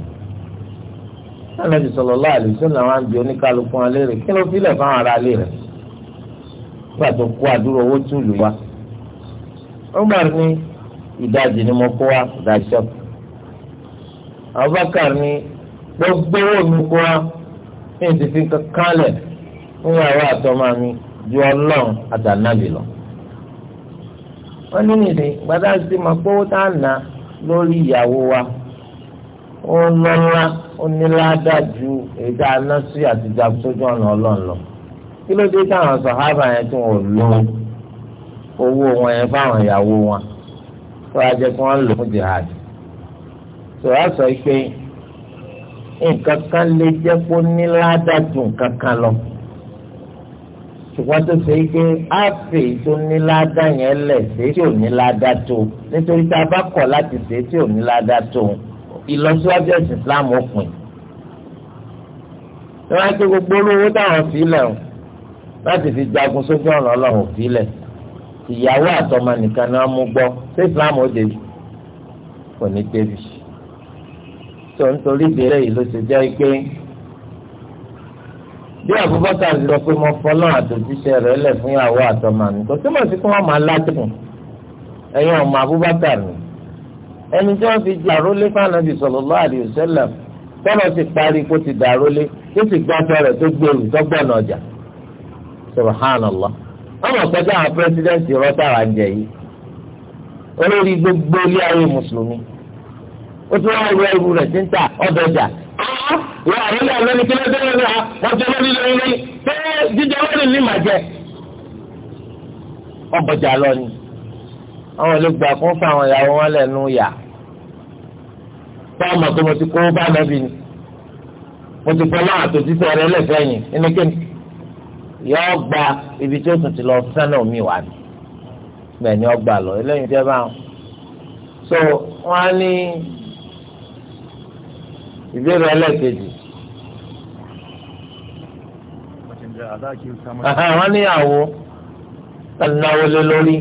anabi sọlọ lọ sọlọ náà ń bi oníkálukú kí ló filẹ̀ fáwọn ará ilé rẹ̀ nígbà tó owó tún wá Umar ní ìdajì ni mo kó ìdajì Abubakar ní gbogbo owó mi kó ní fún wọ́n ní nìyí gbadá sí ma gbówó tá a nà lórí ìyàwó wa ó nọ́nà ó níláàdá ju èdè anásí àtijọ́ sójú ọ̀nà ọlọ́run lọ kí ló dé táwọn sọ̀hábà yẹn tí wọ́n lò owó wọn yẹn fáwọn ìyàwó wọn tó a jẹ́ kí wọ́n lò fún jihad sọ̀rọ̀ sọ pé nǹkan kan lè jẹ́ kó níláàdá ju nǹkan kan lọ ṣùgbọ́n tó ṣe pé á fè tó ní yẹn lẹ̀ ṣe tí ò ní tó nítorí tá a bá kọ̀ láti ṣe tí ò ní ládá tó ìlọsíwájú ẹ̀sìn Islam òpin. ní wọ́n á ké gbogbo olówó táwọn fílẹ̀ o láti fi jagun sójú ọ̀nà ọlọ́run fílẹ̀ ìyàwó àtọmọ nìkan náà mú gbọ́ ṣé Islam ó débi kò ní débi. tó ń torí ìbéèrè yìí ló ṣe jẹ́ pé. bí Abubakar sọ pé mo fọlọ́ àtòjíṣẹ́ rẹ̀ lẹ̀ fún ìyàwó àtọmọ mi kò túmọ̀ sí pé wọ́n máa látìkùn ẹ̀yin ọmọ Abubakar ni ẹni tí wọ́n fi jẹ́ àrólé fànàbì sallallahu alaihi wasallam tọ́lọ̀ ti parí kó ti dàrólé tó ti gbàtọ́ rẹ̀ tó gbèrú tọ́gbọ̀nà ọjà àwọn rọ́tàrà jẹ yìí olórí gbogbo ilé ayé mùsùlùmí ó wá wọ àyẹ̀lẹ̀ lẹ́ni kí lọ́jọ́ lẹ́nu à mọ́jọ́ lórí lórí pé jíjẹ lórí ní màjẹ. ọ̀bọ̀jà lọ ni àwọn olùgbà kún fún àwọn ìyàwó wọn lẹ́nu yà fáwọn mọ̀tò mo ti kó bá nàbì ni mo ti fọlọ́ àtòjíṣẹ́ rẹ lẹ́fẹ̀ẹ́yìn nínú kéde yọ gba ibi tí ó tún ti lọ sánà omi wà ní bẹ́ẹ̀ ni ọgbà lọ eléyìí jẹ́ báwọn so wọ́n á ní ìbéèrè ẹlẹ́ẹ̀kejì. wọ́n níyàwó náwó lé lórí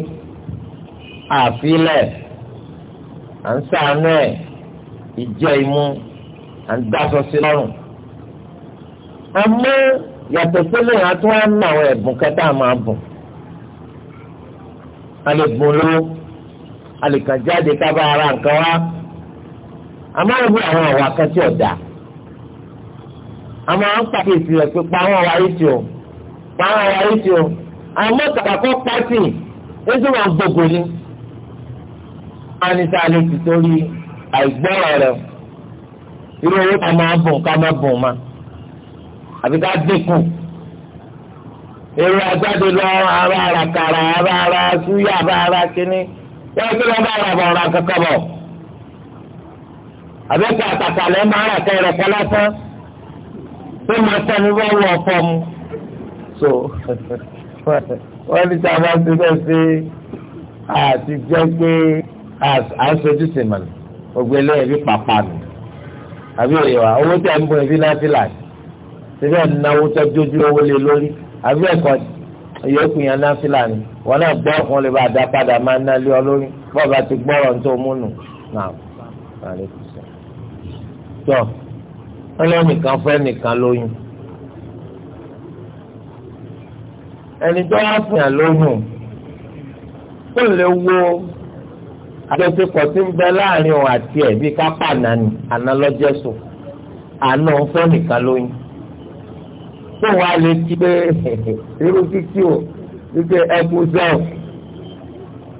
àfilẹ̀ à ń sàánú ẹ̀ ìjẹ́ imú à ń dáṣọ sí lọ́rùn. àmọ́ yàtọ̀ sílẹ̀ yẹn tó wá ná àwọn ẹ̀bùn kẹta máa bùn. a lè bùn lówó a lè kàn jáde ká bá ara nǹkan wá àmọ́ ìwé àwọn ọ̀wà kan tí ọ̀dà àmọ́ àwọn pàkíyèsí rẹ̀ pé pa àwọn ọ̀wà yìí tí o pa àwọn ọ̀wà yìí tí o àmọ́ kàkàkọ́ pàtì ètò wọn gbogbo ni wọn ní sáà lè ti torí àìgbọ́ràn rẹ̀ irú owó ká máa bùn ká máa bùn ma àbí ká dínkù èrò àjáde lọ ara àràkàrà ara ara súyà ara ara kínní wọn kí wọn bá ara bọ̀ ọ̀ra kankan bọ̀ àbẹ́kẹ́ àtàkà lẹ́ máa rà kẹ́ rẹ̀ kọ́lá tán tó máa tẹnu bá wọ ọkọ mu. so wọ́n ní sábà ti bẹ́ẹ̀ sí àti jẹ́ pé àṣojú sì mọ̀ gbogbo eléyìí bí pàpà nù àbí òye wa owó tẹ̀ ń bọ̀ ẹbí náà ti là síbẹ̀ náwó tọ́jú ojú owó lé lórí àbí ẹ̀kọ́ ìyókù yẹn náà ti là ní wọn náà gbọ́ ọkùnrin lè bá a dá padà máa ná lé ọ lórí bọ́ọ̀ bá ti gbọ́rọ̀ ní tó múnú náà tọ wọn lọ nìkan fẹ́ nìkan lóyún ẹni tó wá fún yàn lóyún kó lè wo àjọṣepọ̀ tí ń bẹ láàrin òun àti ẹ̀ bíi kápá ànáni ànálọ́jẹ́sùn àná òun fẹ́ nìkan lóyún kó wọn á lè ti pé (laughs) irú kíkí o wípé ẹ kú sẹ́ọ̀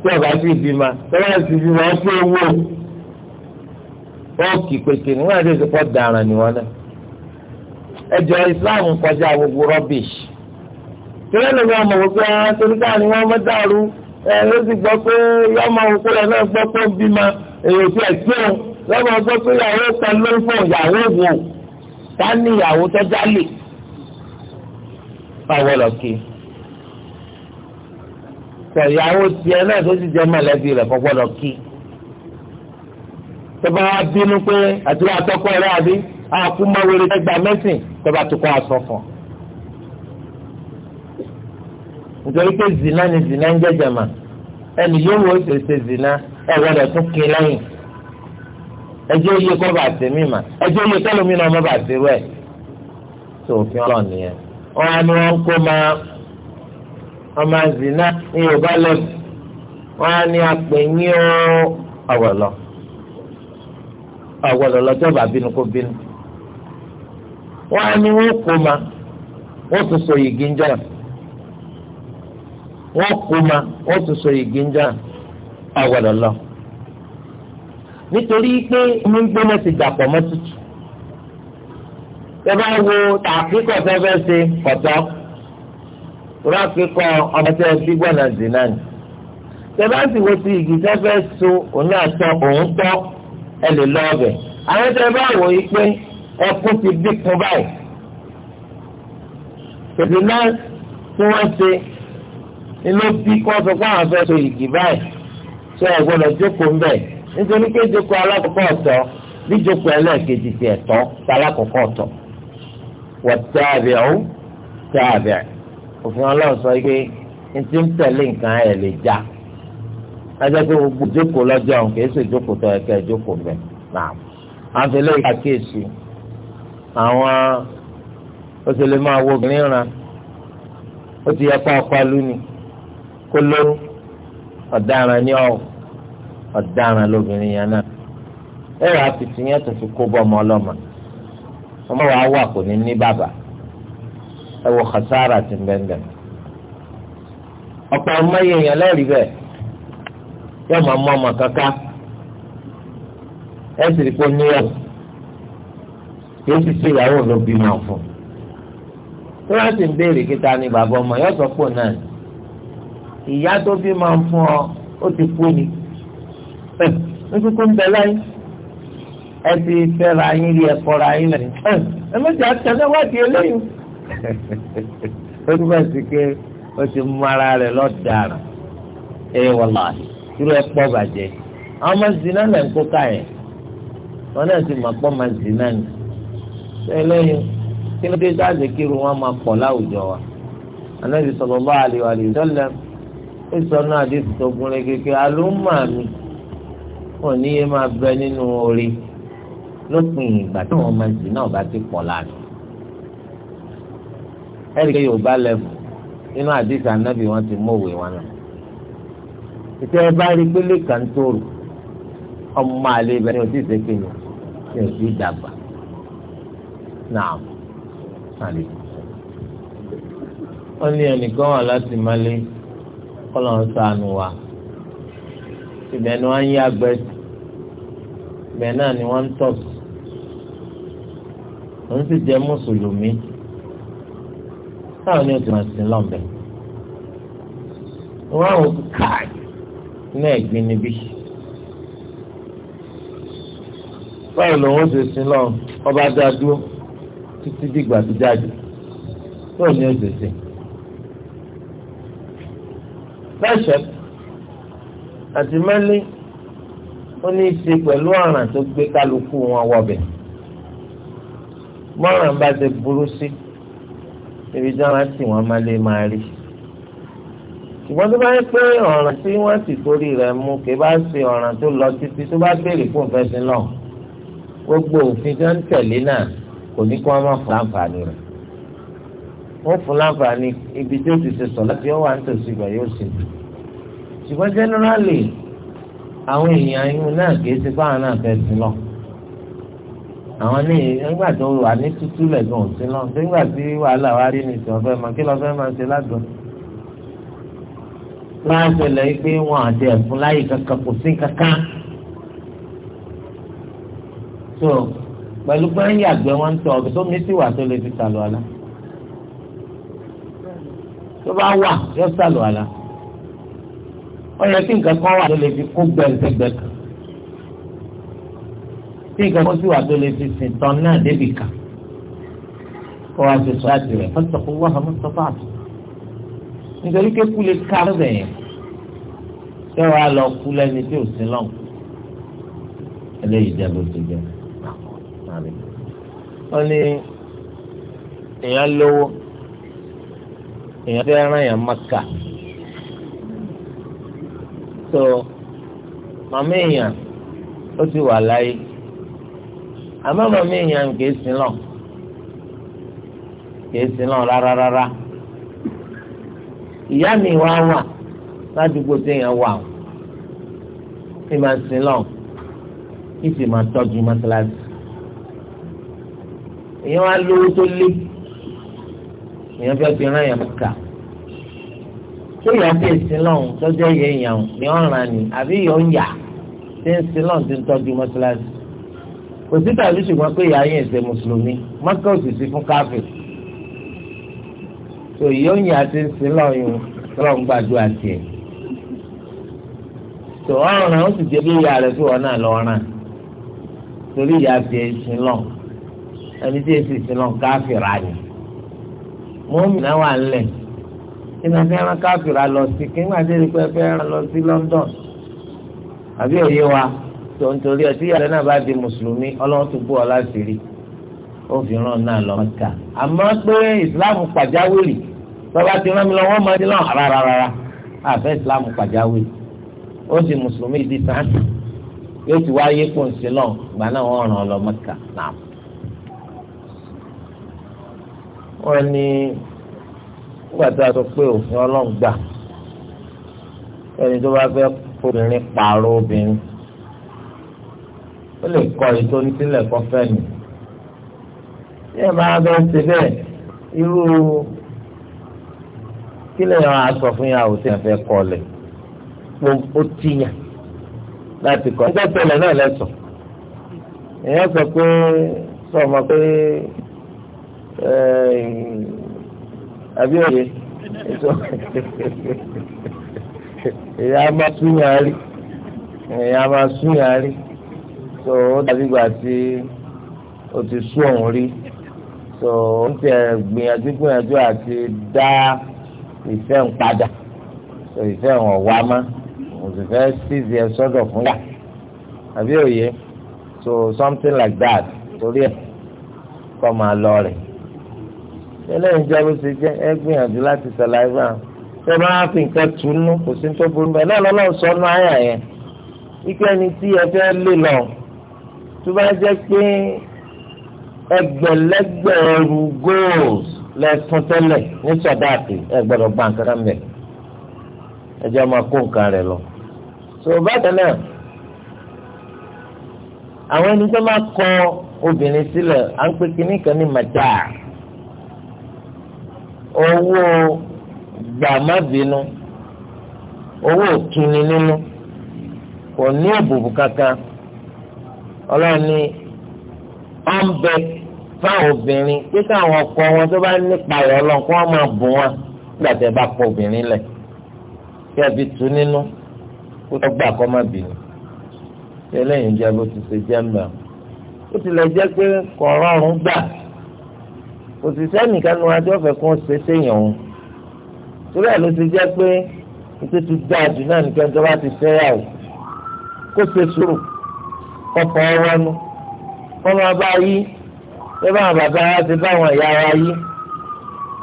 tí ọ̀gá sì bímọ tọ́lá sì bímọ ó fún ewu o ó kì pèsè nígbà tí èsì pọ̀ dàrán ni wọn náà ẹjọ islam kọjá gbogbo rubbish tẹ́lẹ̀ lómi ọmọ gbogbo ẹ̀ torí káà ni wọ́n mọ́ dàrú ẹ̀ ló sì gbọ́ pé yọ ọmọ òkú rẹ̀ náà gbọ́ pé ń bímọ èrò tí ẹ̀ tí òun lọ́mọ gbọ́ pé yàwó kan ló ń fún yàwó wò tá ní ìyàwó tó jálè báwo lọ kí sọ tiẹ̀ náà tó sì jẹ́ mọ̀lẹ́bí rẹ̀ kọ́ kí tọba wa bínú pé àti wà tọkọ rẹ àbí àkú mọwéré ẹgbà mẹsìn tọba tó kọ aṣọ fún nítorí pé zina ni zina ń jẹjẹ mà ẹni yóò wọ ṣèṣe zina ẹ gbọ́dọ̀ tún kí lẹ́yìn ẹjẹ yìí kọ bá ṣe mí mà ẹjẹ yìí kọ lómi náà má bá ṣe wẹ tó òfin Ọlọ́run nìyẹn wọn á ní wọn kó máa ọmọ zina ní Yorùbá lẹbù wọn á ní apẹyìn ó lọ. ọ̀gbọ́dọ̀ lọ́jọ́ bá bínú kó bínú. wọ́n á ní wọ́n kó ma wọ́n tún so yìgì ń jẹun kó ma tún so nítorí pé omi ń gbóná ti dàpọ̀ mọ́ tutù. tẹ́lá wo fẹ́fẹ́ ṣe kọ̀tọ́ ọmọ tẹ́ náà tẹ́lá sì wo ti ẹ lè lọ ọbẹ̀ àwọn tẹ bá wò yí pé ẹkún ti dínkù báyìí tètè náà tí wọ́n ṣe ni ló bí kí wọ́n sọ pé àwọn fẹ́ so yìgì báyìí ṣé ẹ gbọ́dọ̀ jókòó ń bẹ̀ nítorí pé jókòó alákọ̀ọ́kọ́ ọ̀tọ̀ bí jókòó ẹlẹ́ẹ̀kejì ti ẹ̀tọ́ tá alákọ̀ọ́kọ́ ọ̀tọ̀ wọ́n tẹ́ àbẹ̀ ọ̀hún tẹ́ àbẹ̀ òfin ọlọ́run sọ pé n ti ń tẹ̀lé nǹkan ẹ̀ lè já ẹjẹ pé gbogbo jókòó lọ́jọ́ àwọn kìí ṣe jókòó tó ẹkẹ jókòó bẹ̀ náà àfẹlẹ́ ìkàkíyèsí àwọn ó ti lè máa wo obìnrin ran ó ti yẹ kó ọkọ alúni kó lóyún ọ̀daràn ní ọ̀ ọ̀daràn lóbìnrin yẹn náà ẹ̀rọ àfìsí yẹn tó fi kó bọ́ ọlọ́mọ ọmọ wa wà kò ní ní bàbá ẹ wo kàsára ti bẹ́ẹ̀ bẹ́ẹ̀ ọ̀pọ̀ ọmọ yẹn yẹn lẹ́rìí bẹ́ẹ̀ yóò máa mú ọmọ kankan ẹ sì rí pé ó níyàwó yóò sì ṣe ìyàwó ló bímọ fún un wọ́n sì ń béèrè kíta ni bàbá ọmọ yóò sọ pé náà ìyá tó bímọ fún ọ ó ti kú ni ẹ ní kíkú ń bẹ láyé ẹ ti fẹ́ra yín rí ẹ̀kọ́ra yín lẹ́yìn ẹ ẹ méjì àtẹnáwádìí eléyìí (laughs) ó ní bá ti ó ti mú ara rẹ̀ lọ́dàrà ẹ wọ́n láàyè irú ẹ pọ̀ bàjẹ́ àwọn ọmọ zina náà ń kó káyẹ̀ wọn náà sì máa pọ̀ máa zina ni ẹlẹ́yìn kí ló dé dáàbò kírun wọn máa pọ̀ láwùjọ wa anábì sallallahu alaihi wa sallam ó sọ náà dé tó gúnlé kékeré alóńmà mi wọn ní yé máa bẹ nínú orí lópin ìgbà tí wọn máa zina ọba ti pọ̀ lánàá ẹ̀rí kí yorùbá lẹ́fù nínú àdìsí anábì wọn ti mú òwe wọn náà ìtẹ́ ẹ bá rí gbélé kan tó rù ọmọ àlè ibẹ̀ ni ò sì ṣèké ni ni ò sì dàgbà náà àlè. wọ́n ní ẹnìkan wà láti Málé kọ́lọ̀ ń sànù wa ibẹ̀ ni wọ́n ń yàgbẹ́ ibẹ̀ náà ni wọ́n ń tọ̀ sí òun sì jẹ́ mùsùlùmí báwo ni o ti máa sin lọ́mọbẹ wọ́n á wò káàdì inú ẹ̀gbin níbí. báwo lòun ó ṣe sin lọ ọba dá dúró títí dìgbà tó jáde báwo ni ó ṣe sin. bẹ́ẹ̀ṣẹ̀ àti mẹ́lí ó ní í ṣe pẹ̀lú ọ̀ràn tó gbé kálukú wọn wọbẹ̀ mọ́ràn bá ṣe burú sí ibi tí wọ́n á wọ́n má lè máa rí ṣùgbọ́n tó bá yẹ pé ọ̀ràn tí wọ́n sì torí rẹ̀ mú kí bá ṣe ọ̀ràn tó lọ títí tó bá béèrè fún ìfẹsìn náà gbogbo òfin tó ń tẹ̀lé náà kò ní kí wọ́n má fún láǹfààní rẹ̀ wọ́n fún láǹfààní ibi tó ti ṣe sọ láti ọwọ́ àǹtòsí ìgbà yóò ṣe ṣùgbọ́n jẹ́nẹ́rálì àwọn èèyàn inú náà kì í ṣe fáwọn náà fẹ́ náà àwọn ní nígbà tó wà ní tútú lẹ́gbọ̀n sí náà nígbà tí wàhálà wa rí nìṣẹ́ ọ̀fẹ́ mọ́ kí lọ́ fẹ́ máa ṣe ládùn máa ṣẹlẹ̀ pé wọn àti ẹ̀fún láyè kankan kò sí kankan so pẹ̀lú pé ń yàgbẹ́ wọn ń tọ̀ ọ̀gbìn tó mi sì wà tó lè fi sàlọ̀ àlá tó bá wà yọ sàlọ̀ àlá ó yẹ kí nǹkan kan wà tó lè fi kó gbẹ̀rẹ̀sẹ̀gbẹ̀ kan tí nǹkan kan sì wà tó lè fi sìn tán náà débì kan kó wá ti sọ àti rẹ̀ fọ́tọ̀kú wà fọ́tọ̀kú àti nítorí pé kú lè ka lọ́bẹ̀ yẹn ṣé wàá lọ kú lẹ́ni tí ò sí lọ́n eléyìí jẹ́ bó ti jẹ́ wọ́n ní èèyàn lówó èèyàn fẹ́ rán èèyàn maka so màmá èèyàn ó ti wà láyé àmọ́ màmá èèyàn kìí sin lọ kìí sin lọ rárá rárá. Rá ìyá mi wá wà ládùúgbò téèyàn wà ó kí máa sin lọ kí sì máa tọ́jú mọ́sálásí èèyàn wá lówó tó lé èèyàn fẹ́ fi rán yàn kà tó yà sí ìsìn lọ́hùn tọ́jú ẹ̀yẹ èèyàn ni ọ̀ràn ni àbí yọ̀ ń yà tí ń sin lọ́hùn tí ń tọ́jú mọ́sálásí kò sí tàbí ṣùgbọ́n pé ìyá yẹn ṣe mùsùlùmí mọ́kà òsì sí fún káfíìn so yóòyìn àti sílọ̀yìn ọlọ́run gbàdúrà tiẹ̀ so ọ̀run náà ó sì jẹ́ bí ìyá rẹ̀ fún wọn náà lọ́ràn torí ìyá tiẹ̀ sílọ̀ ẹni tí èsì sílọ̀ káfíra ni mọ́mìnà wà ńlẹ̀ kí ni a fẹ́ rán káfíra lọ sí kí ni a ti rí pé fẹ́ rán lọ sí London àbí òye wa tó ń torí ẹ tí ìyá rẹ náà bá di mùsùlùmí ọlọ́run tó bú ọ láti rí ó ràn náà lọ Mẹ́kà àmọ́ pé ìsìláàmù pàjáwìrì bàbá ti rán mi lọ wọ́n máa dín náà rárára àfẹ́ islam pàjáwìrì ó sì mùsùlùmí di sáàtì yóò ti wáyé kó ń sin náà gbà náà wọ́n ràn án lọ mẹ́ka náà. wọ́n ní nígbà tí a sọ pé òfin ọlọ́run gbà ẹni tó bá fẹ́ kó obìnrin pààrọ̀ obìnrin ó lè kọ ètò onísílẹ̀ kọfẹ́ nì. bí ẹ máa bẹ ṣe bẹ́ẹ̀ irú kí lè ràn aṣọ fún yàwó tí wọ́n fẹ́ kọ́ lẹ̀ ó tiyàn láti kọ́ nígbà tẹ̀lẹ̀ náà lẹ́sọ̀ èèyàn sọ pé sọ ma pé àbí òye èèyàn á máa súnyàn rí èèyàn á máa súnyàn rí tó ó dàbí gbà tí o ti sún òun rí tó ó ń tẹ̀ gbìyànjú gbìyànjú àti dá ìfẹ́ ń padà ìfẹ́ ń ọ̀wá má òṣìfẹ́ ṣìṣì ẹ sọ́dọ̀ fún yà àbí òye so something like that torí ẹ kọ́ máa lọ rẹ̀ eléyìí jẹ́ bó ṣe jẹ́ ẹ gbìyànjú láti saliva ṣé máa fi nǹkan túnú kò sí tó burú bẹ́ẹ̀ náà lọ́lọ́ sọnù àyà yẹn ike ẹni tí ẹ fẹ́ lé lọ tó bá jẹ́ pé ẹgbẹ̀lẹ́gbẹ̀ ẹrù goals lẹ́ẹ̀tún tẹ́lẹ̀ ní sọ̀dáàtì ẹ gbọ́dọ̀ gba nǹkan kan mẹ́ ẹjọ́ máa kó nǹkan rẹ̀ lọ. sọ bákan náà àwọn ẹni tó máa kọ obìnrin sílẹ̀ à ń pè kínní kan ní màdá owó gbàmábínú owó òtúni nínú kò ní òbùbù kankan ọlọ́run ni fáwọn obìnrin pé káwọn ọkọ wọn tó bá nípa ẹ̀ ọlọ́run kó wọ́n máa bùn wọn nígbà tẹ́ bá pọ̀ obìnrin lẹ̀ kí ẹ fi tu nínú kó tó gbà kọ́ má bìnrin eléyìí jẹ́ bó ti ṣe jẹ́ mbà ó tilẹ̀ jẹ́ pé kò rọrùn gbà kò sì sẹ́nìkan nu adé ọ̀fẹ́ kó ṣe séyàn òun torí ẹ̀ ló ti jẹ́ pé ètò ti dáa jù náà nìkan tó bá ti fẹ́ yà wò kó ṣe sùúrù kọ́ fọ́ ọ́ wọnú kọ́ máa bá yí pé báwọn bàbá wa ti báwọn ìyá wa yí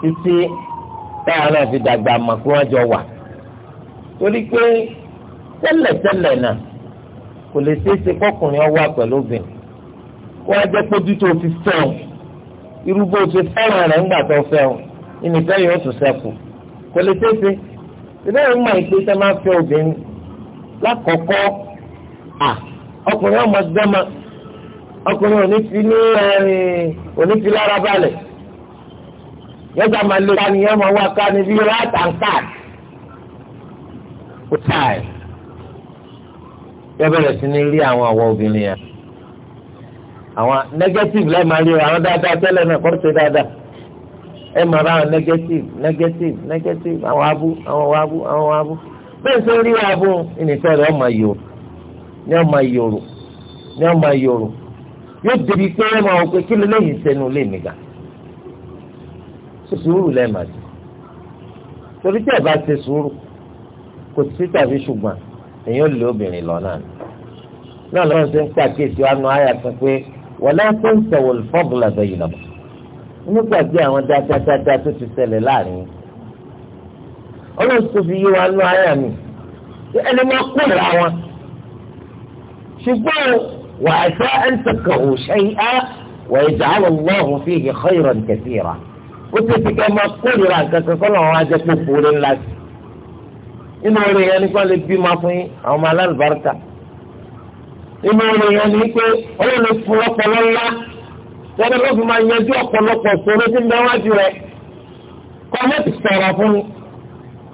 títí táwọn náà fi dàgbà mọ̀ pé wọ́n jọ wà torí pé tẹ́lẹ̀tẹ́lẹ̀ náà kò lè ṣeé ṣe kọkùnrin ọwọ́ pẹ̀lú obìnrin wọ́n á jẹ́ pé ojú tó fi fẹ́ o ṣe fẹ́ràn rẹ̀ ńgbà tó fẹ́ o yóò tún ṣẹ́kù kò lè ṣeé ṣe ìbéèrè ń mọ ìpè tẹ́ máa fẹ́ obìnrin lákọ̀ọ́kọ́ à ọkùnrin ọmọ gbẹ́mọ ọkùnrin òní fi ní òní fi lára balẹ̀ yẹ́sà máa lè ká ni yẹ́ máa wá ká ni bí ráàtà ń káàdì ó táì yẹ bẹ̀rẹ̀ sí ní rí àwọn àwọ̀ obìnrin yẹn àwọn negative lẹ́ẹ̀ máa rí o àwọn dáadáa tẹ́lẹ̀ náà kọ́ ṣe dáadáa ẹ máa bá àwọn negative negative negative àwọn abú àwọn abú àwọn abú bẹ́ẹ̀ sọ rí abú ìnìtọ́ rẹ̀ ọmọ yòrò ní ọmọ yòrò ní ọmọ yòrò yóò débi pé ẹ máa wọ pé kí ló lẹ́yìn sẹ́nu lè mí gà sùúrù lẹ́ẹ̀ máa di torí tí ẹ bá ṣe sùúrù kò sí tàbí ṣùgbọ́n èèyàn lè obìnrin lọ náà náà lọ́wọ́ ṣe ń pàkíyèsí wa nu àyà kan pé wọ́n lọ́wọ́ tó ń tẹ̀wọ̀ fọ́bùlà bẹ́yìn lọ́wọ́ nígbà tí àwọn dáadáa tó ti ṣẹlẹ̀ láàrin ọlọ́run tó fi yé wa nu àyà mi ẹni máa kúrò àwọn ṣùgbọ́n وعسى أن تكرهوا شيئا ويجعل الله فيه خيرا كثيرا وتتكلم كما قل رأيك تصلى وعجة مفول لك inú oore yẹn ni kó lè bímọ fún yín àwọn ọmọ alálùbáríkà inú oore yẹn ni pé ọlọ́run lè fún ọpọlọ ńlá lọ́dọ̀ ló fi máa yanjú ọ̀pọ̀lọpọ̀ sóró tí ń bẹ wájú rẹ̀ kọ́ mẹ́tì sọ̀rọ̀ fún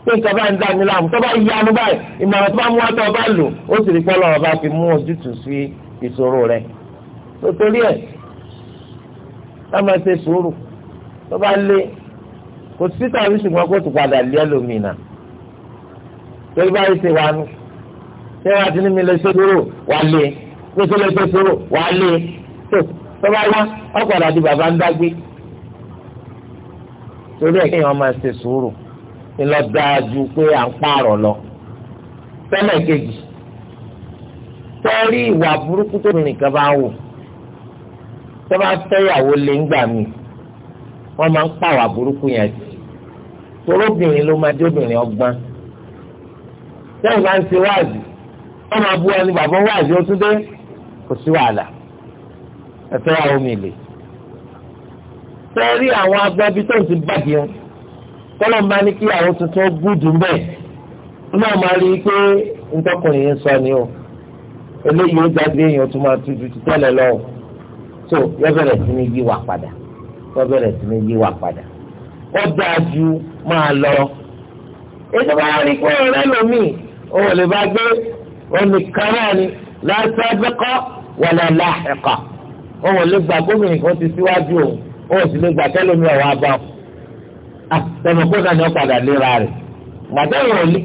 mi pé nǹkan bá ń dá mi láàmú tó bá yanu báyìí ìmọ̀ràn tó bá mú wá tó bá lò ó sì rí pé ọlọ́run bá fi mú ojútùú sí i ìṣòro rẹ̀ tó torí ẹ̀ ká máa ṣe sùúrù tó bá lé kò sí tàbí ṣùgbọ́n kó tó padà lé ẹlòmínà torí báyìí ṣe wà nù ṣé wàá ti ní mi lè ṣe dúró wà lé kó tó lè ṣe sùúrù wà lé tó tó bá wá ọ̀pọ̀lọpọ̀ àti bàbá ń dágbé torí ẹ̀ kéèyàn máa ṣe sùúrù ńlọ dáa ju pé à ń pààrọ̀ lọ tẹ́lẹ̀ kejì tẹ́rí ìwà burúkú tó nìkan bá wò tó bá fẹ́yàwó lé ńgbà mí wọ́n máa ń pàwà burúkú yẹn sí torobìnrin ló máa dé obìnrin ọgbọ́n sẹ́yìn bá ń ṣe wáàzì wọ́n máa bu ẹni bàbá wáàzì ó tún dé kò sí wàhálà ẹ̀fẹ́ wa omi lè sẹ́rí àwọn agbábí tó ń ti bàjẹ́ wọn tọ́lọ̀ máa ní kí àwọn tuntun gúdùn bẹ́ẹ̀ wọ́n máa rí i pé ntọ́kùnrin yẹn sọ ni o eléyìí ó jáde èèyàn tó máa tutù ti tẹ́lẹ̀ lọ so yọ bẹ̀rẹ̀ sí ní yíwà padà yọ bẹ̀rẹ̀ sí ní yíwà padà ó dáa ju máa lọ ètò bá rí pé ọ̀rẹ́ lomi òun lè bá gbé onìkan náà ni lásán bẹ́kọ́ wọlé láhẹ̀kọ́ òun lè gbà gómìnà kan ti síwájú òun òun sì lè gbà tẹ́lómi ọ̀wá bá wọn. àtẹ̀mọ̀ kó nàní ọ̀padà léra rẹ̀ gbàdá ìrọ̀lẹ́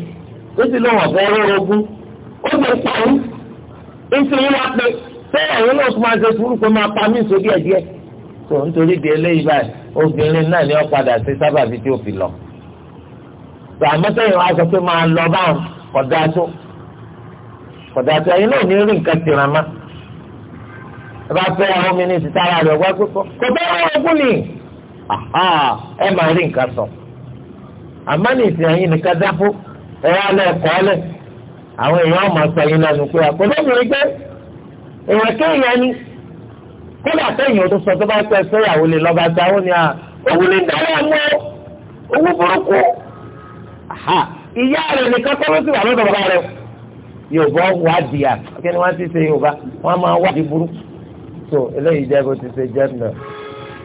ó sì lọ́wọ́ fẹ́ rọ́rọ́gún ó lè pa òun. nítorí wọn pé bẹ́ẹ̀ àwọn náà tún máa ṣe sùúrù pé máa pa mí sórí ẹ̀díẹ̀ tó nítorí di eléyìí báyìí obìnrin náà ni ó padà sí sábàbí tí ó fi lọ. sàmọ́sẹ́yìn wa sọ pé máa lọ báwọn kọ̀dá tó kọ̀dá tó náà ní rí nǹkan tìràn má. ẹ bá fẹ́ àwọn mi ní ìsìta ara rẹ̀ wá pípọ́ kò bá wọn ogún ni ẹ máa rí nǹkan sọ. àmọ́ ní ìsìn nìkan àwọn èèyàn ọmọ sọ yín lẹ́nu pé àpòlóbìnrin gbé èèyàn kéèyàn ni kódà sẹ́yìn o tó sọ tó bá pẹ́ sẹ́yàwó lè lọ́ba ta ó ní owó ní dáwọ́ mọ́ owó burúkú ìyá rẹ̀ nìkan kọ́ ló wà lọ́dọ̀ bàbá rẹ̀ yorùbá wà di à kí ni wọ́n ti ṣe yorùbá wọ́n máa wà di burúkú tó eléyìí jẹ́ bó ti ṣe jẹ́ nà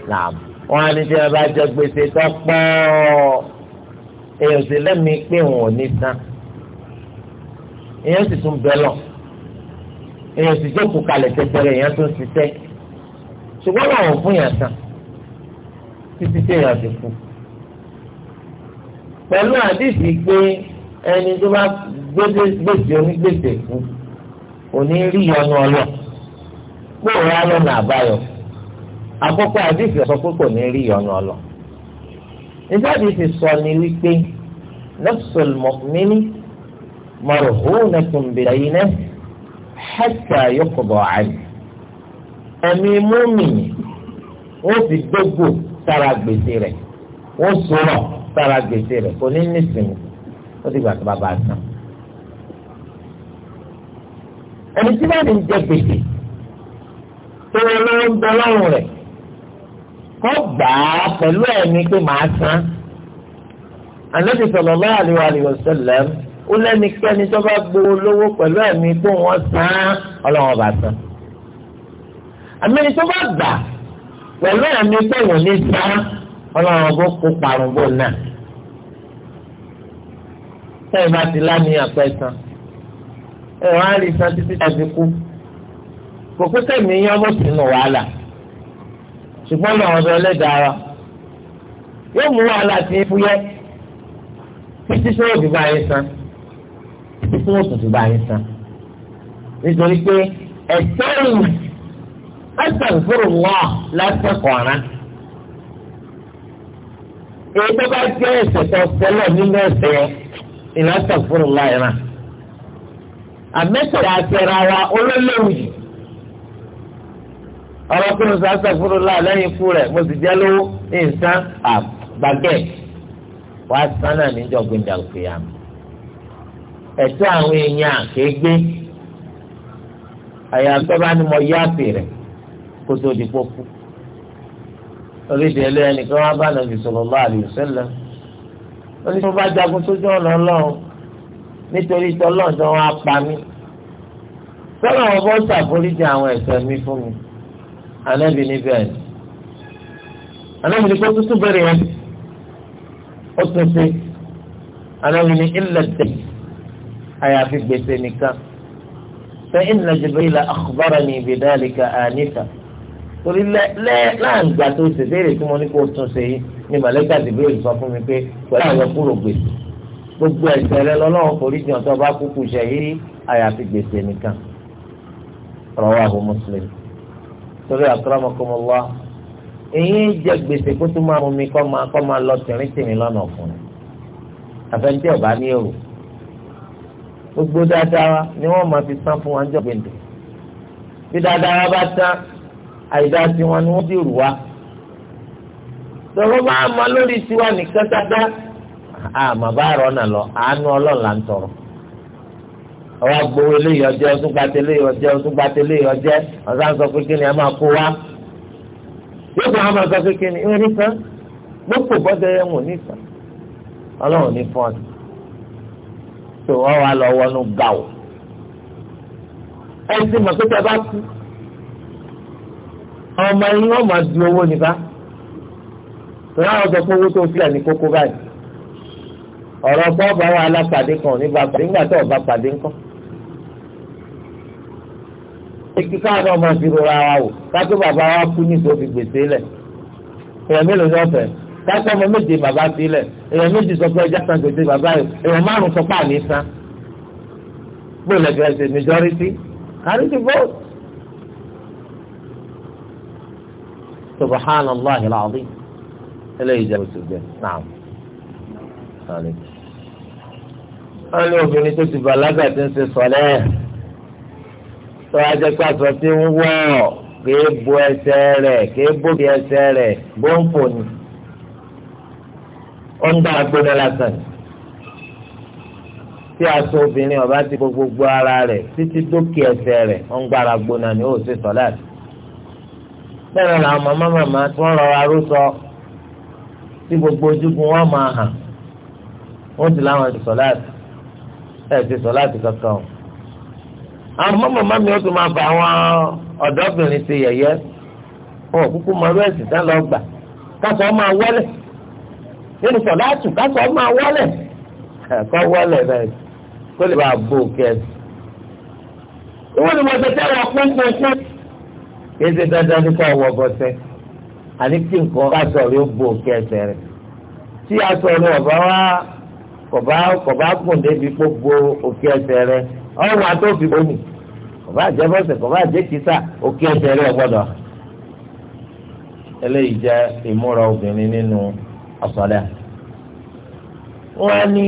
nàám wọ́n á ní tí wọ́n bá jẹ gbèsè tó pọ̀ èèyàn sì lẹ́mìí pé òun ò ní tán èèyàn sì tún bẹ lọ èèyàn sì jókòó kalẹ̀ tẹ́tẹ́rẹ́ èèyàn tún ṣiṣẹ́ ṣùgbọ́n làwọn fún yàn tán títí téèyàn ti kú pẹ̀lú àdìsí pé ẹni tó bá gbèsè onígbèsè kú òní rí ọnu ọlọ gbòòrò alọ́nà àbáyọ àkọ́kọ́ àdìsí sọ pé kò ní rí ọnu ọlọ nígbà tí ti sọ ni wípé nafsul ni marhunatun bidaynihi hatta yuqda anhu ẹ̀mí múmìnì wọ́n fi dógò sára gbèsè rẹ̀ wọ́n sọ̀rọ̀ sára gbèsè rẹ̀ kò ní nísìnyí ó ti gbà tó bá bá a san. ẹni tí bá ti ń jẹ gbèsè tó wọn lọ́wọ́ ń bọ lọ́rùn rẹ̀ kọ́ gbà á pẹ̀lú ẹ̀mí pé màá san. Ànábì sallallahu alaihi wa sallam ó lẹ́nikẹ́ni tó bá gbowó lówó pẹ̀lú ẹ̀mí kó wọ́n san án ọlọ́wọ́n bá san. àmẹ́ni tó bá gbà pẹ̀lú ẹ̀mí kó wọ́n ní san án ọlọ́wọ́n bó kó parun bó náà. sẹ́yìn bá ti láníyàn pẹ́ san ẹ̀ wọ́n á rí san títí tàbí kú. kò pé sẹ́mi yán bó sì nù wàhálà ṣùgbọ́n lọ́wọ́ bẹ lẹ́dàá yóò mú wàhálà tí ń fúyẹ́ títí sọ́wọ́ bí bá yẹn san títí tí wọ́n tuntun bá yín san nítorí pé ẹ̀sẹ̀ ìyìn ẹ̀sẹ̀ ìfúrò wọ́n lásìkò ọ̀ràn èyí tó bá jẹ́ ẹ̀sẹ̀ tó ṣẹlẹ̀ nínú ẹ̀sẹ̀ yẹn ìlàsẹ̀ ìfúrò wọ́n yẹn náà àmẹ́sẹ̀ àtẹ̀rẹ̀ ara olólèwì ọ̀rọ̀ kí ló sàásà fúru láà lẹ́yìn ikú rẹ̀ mo sì jẹ́ lówó ní nsán àgbàgẹ́ wàá sánà níjọ́ gbẹ̀dàgbé àmì ẹ̀tọ́ àwọn èèyàn àkégbé àyàtọ̀ bá ní mo yá àpè rẹ̀ kó tó di pọ́kú. oríṣiríṣi ẹnìkan wá bá nàbì sallallahu alaihi wasallam ó ní tó bá jagun sójú ọ̀nà ọlọ́run nítorí tọ́lọ́run tó wá pa mí. sọ́nà wọn bọ́ ṣàforíjì àwọn ẹ̀ṣẹ̀ mi fún mi ànábì níbẹ̀ ni ànábì ní kótó tó yẹn ó tún ṣe ànábì ní ilẹ̀ tẹ̀sí àyàfi gbèsè nìkan fa inna Jibril akhbarani bidhalika ànífà torí láǹgbà tó ṣe béèrè tí mo ní kó tún ṣe yìí ni màlẹ́kà Jibril sọ fún mi pé pẹ̀lú àwọn kúrò gbèsè gbogbo ẹ̀ṣẹ̀ rẹ lọ́lọ́run forí jìn ọ̀tọ́ bá kúkú ṣe yìí àyàfi gbèsè nìkan rawahu Muslim torí akramakumullah èyí jẹ gbèsè kó tún máa mú mi kọ́ máa kọ́ máa lọ tìrìntìrìn lọ́nà ọ̀fun àfẹnjẹ́ ọ̀bá ní èrò gbogbo dáadáa wa ni wọ́n máa fi san fún wa níjọ́ gbèǹdè bí dáadáa bá tán àìdáa tiwọn ni wọ́n dèrò wa tọ́lọ́ bá a máa lórí tiwa nìkan sáadá àmọ́ bá rọ̀ ọ̀nà lọ àánú ọlọ́ọ̀la ń tọrọ ọwọ́ agbowó eléyìí ọjẹ́ ọtún gbàtẹ́ eléyìí ọjẹ́ ọtún gbàtẹ́ eléyìí ọjẹ́ ọ̀sán sọ pé kí ni ẹ máa kó wa yóò fún àwọn ọmọ sọ pé kí ni ìwé nìkan gbogbo bọ́dẹ̀ yẹn wò nìkan ọlọ́run ní fọ́ọ̀nù tó wọ́n wá lọ wọnú gàù ẹni tí mọ̀ pé tẹ bá kú ọmọ yín wọ́n máa di owó nípa tòun àwọn sọ fún owó tó sílẹ̀ ní kókó báyìí ọ̀rọ̀ bọ́ọ̀bù àwọn alápàdé kan nígbà pàdé nígbà tó ọba pàdé ńkọ́. Èkí káàdì ọmọ ti rora wa wò ká tó bàbá wa kú ní ìsòfin gbèsè lẹ̀. Èèyàn mélòó ní ọ̀fẹ́? dákọ ọmọ méje bàbá sílẹ̀ èèyàn méjì sọ pé ẹja san gbèsè bàbá yìí èèyàn márùn sọ pé àní san gbọ́dọ̀ lẹ́gbẹ̀ẹ́ ṣe majority carry the vote. سبحان الله العظيم eléyìí jẹ́ òṣùgbẹ́ náà wọ́n ní obìnrin tó ti bàlágà tí ń ṣe sọ̀lẹ́ tó a jẹ́ pé aṣọ tí ń wọ̀ kéé bo ẹsẹ̀ rẹ̀ kéé bóbi ẹsẹ̀ rẹ̀ bó ń fò ní ọ̀ndà agbódà lásán tí aṣọ obìnrin ọba ti gbogbo ara rẹ̀ títí dókè ẹsẹ̀ rẹ̀ ọ̀ngbàrà gbóná ni ó ṣe sọ́láàtì bẹ́ẹ̀ làwọn màmá màmá tí wọ́n rọra rúsọ tí gbogbo ojúgun wọn máa hàn wọ́n ti láwọn ti sọ́láàtì ẹ̀ ti sọ́láàtì kankan o àwọn màmá màmá mi ó tún máa fa àwọn ọ̀dọ́bìnrin ti yẹ̀yẹ́ wọn ò kúkú mọ ọdún ẹ̀sìn tán lọ gbà káṣọ máa wọlé nínú sọ̀dáàtù kásọ̀ ọmọ awọ́lẹ̀ kọ́ wọ́lẹ̀ bẹ́ẹ̀ kó lè bá a bò kẹ́sì. ìwọ́n ni mo ṣe tẹ́ wọ pínpínpín. kí ṣe dandan ní kọ́ wọ bọ́sẹ̀ àní kí nǹkan bá sọ̀rọ̀ ó bò kẹ́sẹ̀ rẹ̀. tí a sọ̀rọ̀ ọ̀bá wa kọ̀bá kọ̀bá gùn débi gbogbo òkè ẹsẹ̀ rẹ̀ ọ̀run àtòfin omi kọ̀bá àjẹbọ̀sẹ̀ kọ̀bá àjẹkísà òkè ẹsẹ̀ rẹ̀ gbọ́dọ̀. eléyìí jẹ́ ìmúra obìnrin nínú ọ̀sọ̀lẹ̀. wọ́n á ní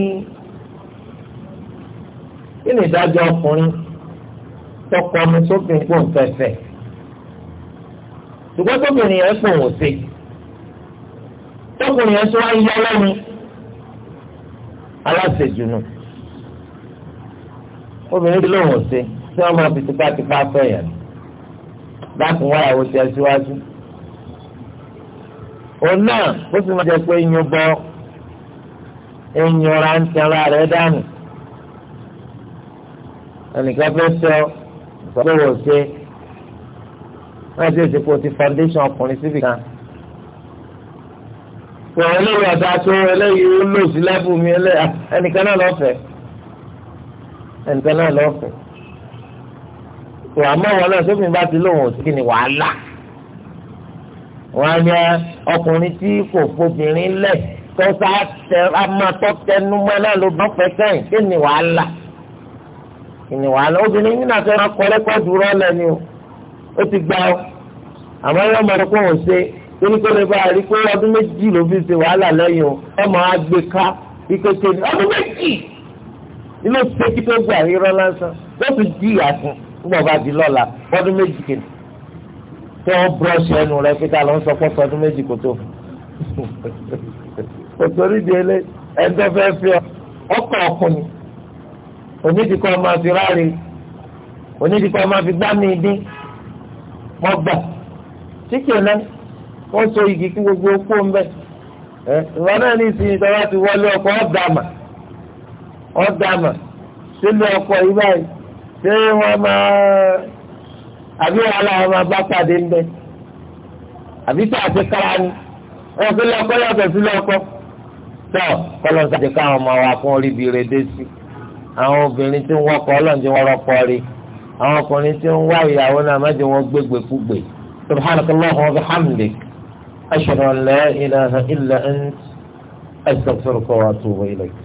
kí ni ìdájọ́ ọkùnrin tọkọ ọmọ sófin pò ń fẹ́fẹ́ ṣùgbọ́n tóbìnrin yẹn pò wò sí tọkùnrin yẹn tó wá yá lẹ́nu aláṣejù nù obìnrin tí lóun sí tí wọ́n máa fi tipátipá fẹ́ yẹn dákun wáyà síwájú òun náà ó sì máa jẹ pé ń yún bọ ń yọra ń tẹra rẹ dànù ẹnìkan fẹ́ sọ ìfọwọ́wọ́ ṣe wọ́n ti ṣe kó ti foundation ọkùnrin síbi kan pẹ̀lú eléyìí ọ̀dà tó eléyìí ó lò sí lẹ́bù mi ẹnìkan náà lọ́fẹ̀ẹ́ ẹnìkan náà lọ́fẹ̀ẹ́ tó àmọ́ wọn náà sófin bá ti lóun ò sí kí ni wàhálà wọn á ní ọkùnrin tí kò fobìnrin lẹ̀ tó sá tẹ amátọ́ tẹnumọ́ náà ló bá fẹ́ sẹ́yìn kí ni wàhálà kí ni wàhálà obìnrin yìí náà fẹ́ máa kọ́ lẹ́kọ́ dúró lẹ́ni o ó ti gbà ọ́ àmọ́ yóò mọ̀ ọ́ kó wọ́n ṣe torí kó lè bá a rí pé ọdún méjì ló fi ṣe wàhálà lẹ́yìn o ẹ máa gbé ká ìkẹkẹ ní ọdún méjì ilé ìṣèkí tó gbà rírọ́ lásán ló fi jí ìyá fún nígbà bá di lọ́la ọdún méjì kìnnì. kó o búrọ́ọ̀ṣì ẹnu rẹ kíkà ló ń sọ pé ọdún méjì kò tó kò di ẹlẹ ẹgbẹ́ fẹ́ fi ọkọ̀ ọkùnrin onídìí máa fi ráre máa fi gbá mi dín náà wọ́n so igi kí gbogbo okó ń bẹ̀ ẹ̀ ìwọ náà ní ìsinyìí ti wọlé àbí wàhálà wọn máa bá pàdé ńbẹ àbí tó àti kára ni wọn fi lọkọ yàtọ̀ sí lọkọ tó kọlọsà ti káwọn ọmọ wa fún orí ibi rèé dé sí àwọn obìnrin tí ń wọkọ Ọlọ́run tí rọpò rí àwọn ọkùnrin tí ń wá ìyàwó náà má wọn gbégbé kúgbé subhanakallahu wa bihamdik ashhadu an la ilaha illa ant astaghfiruka wa atubu ilayk.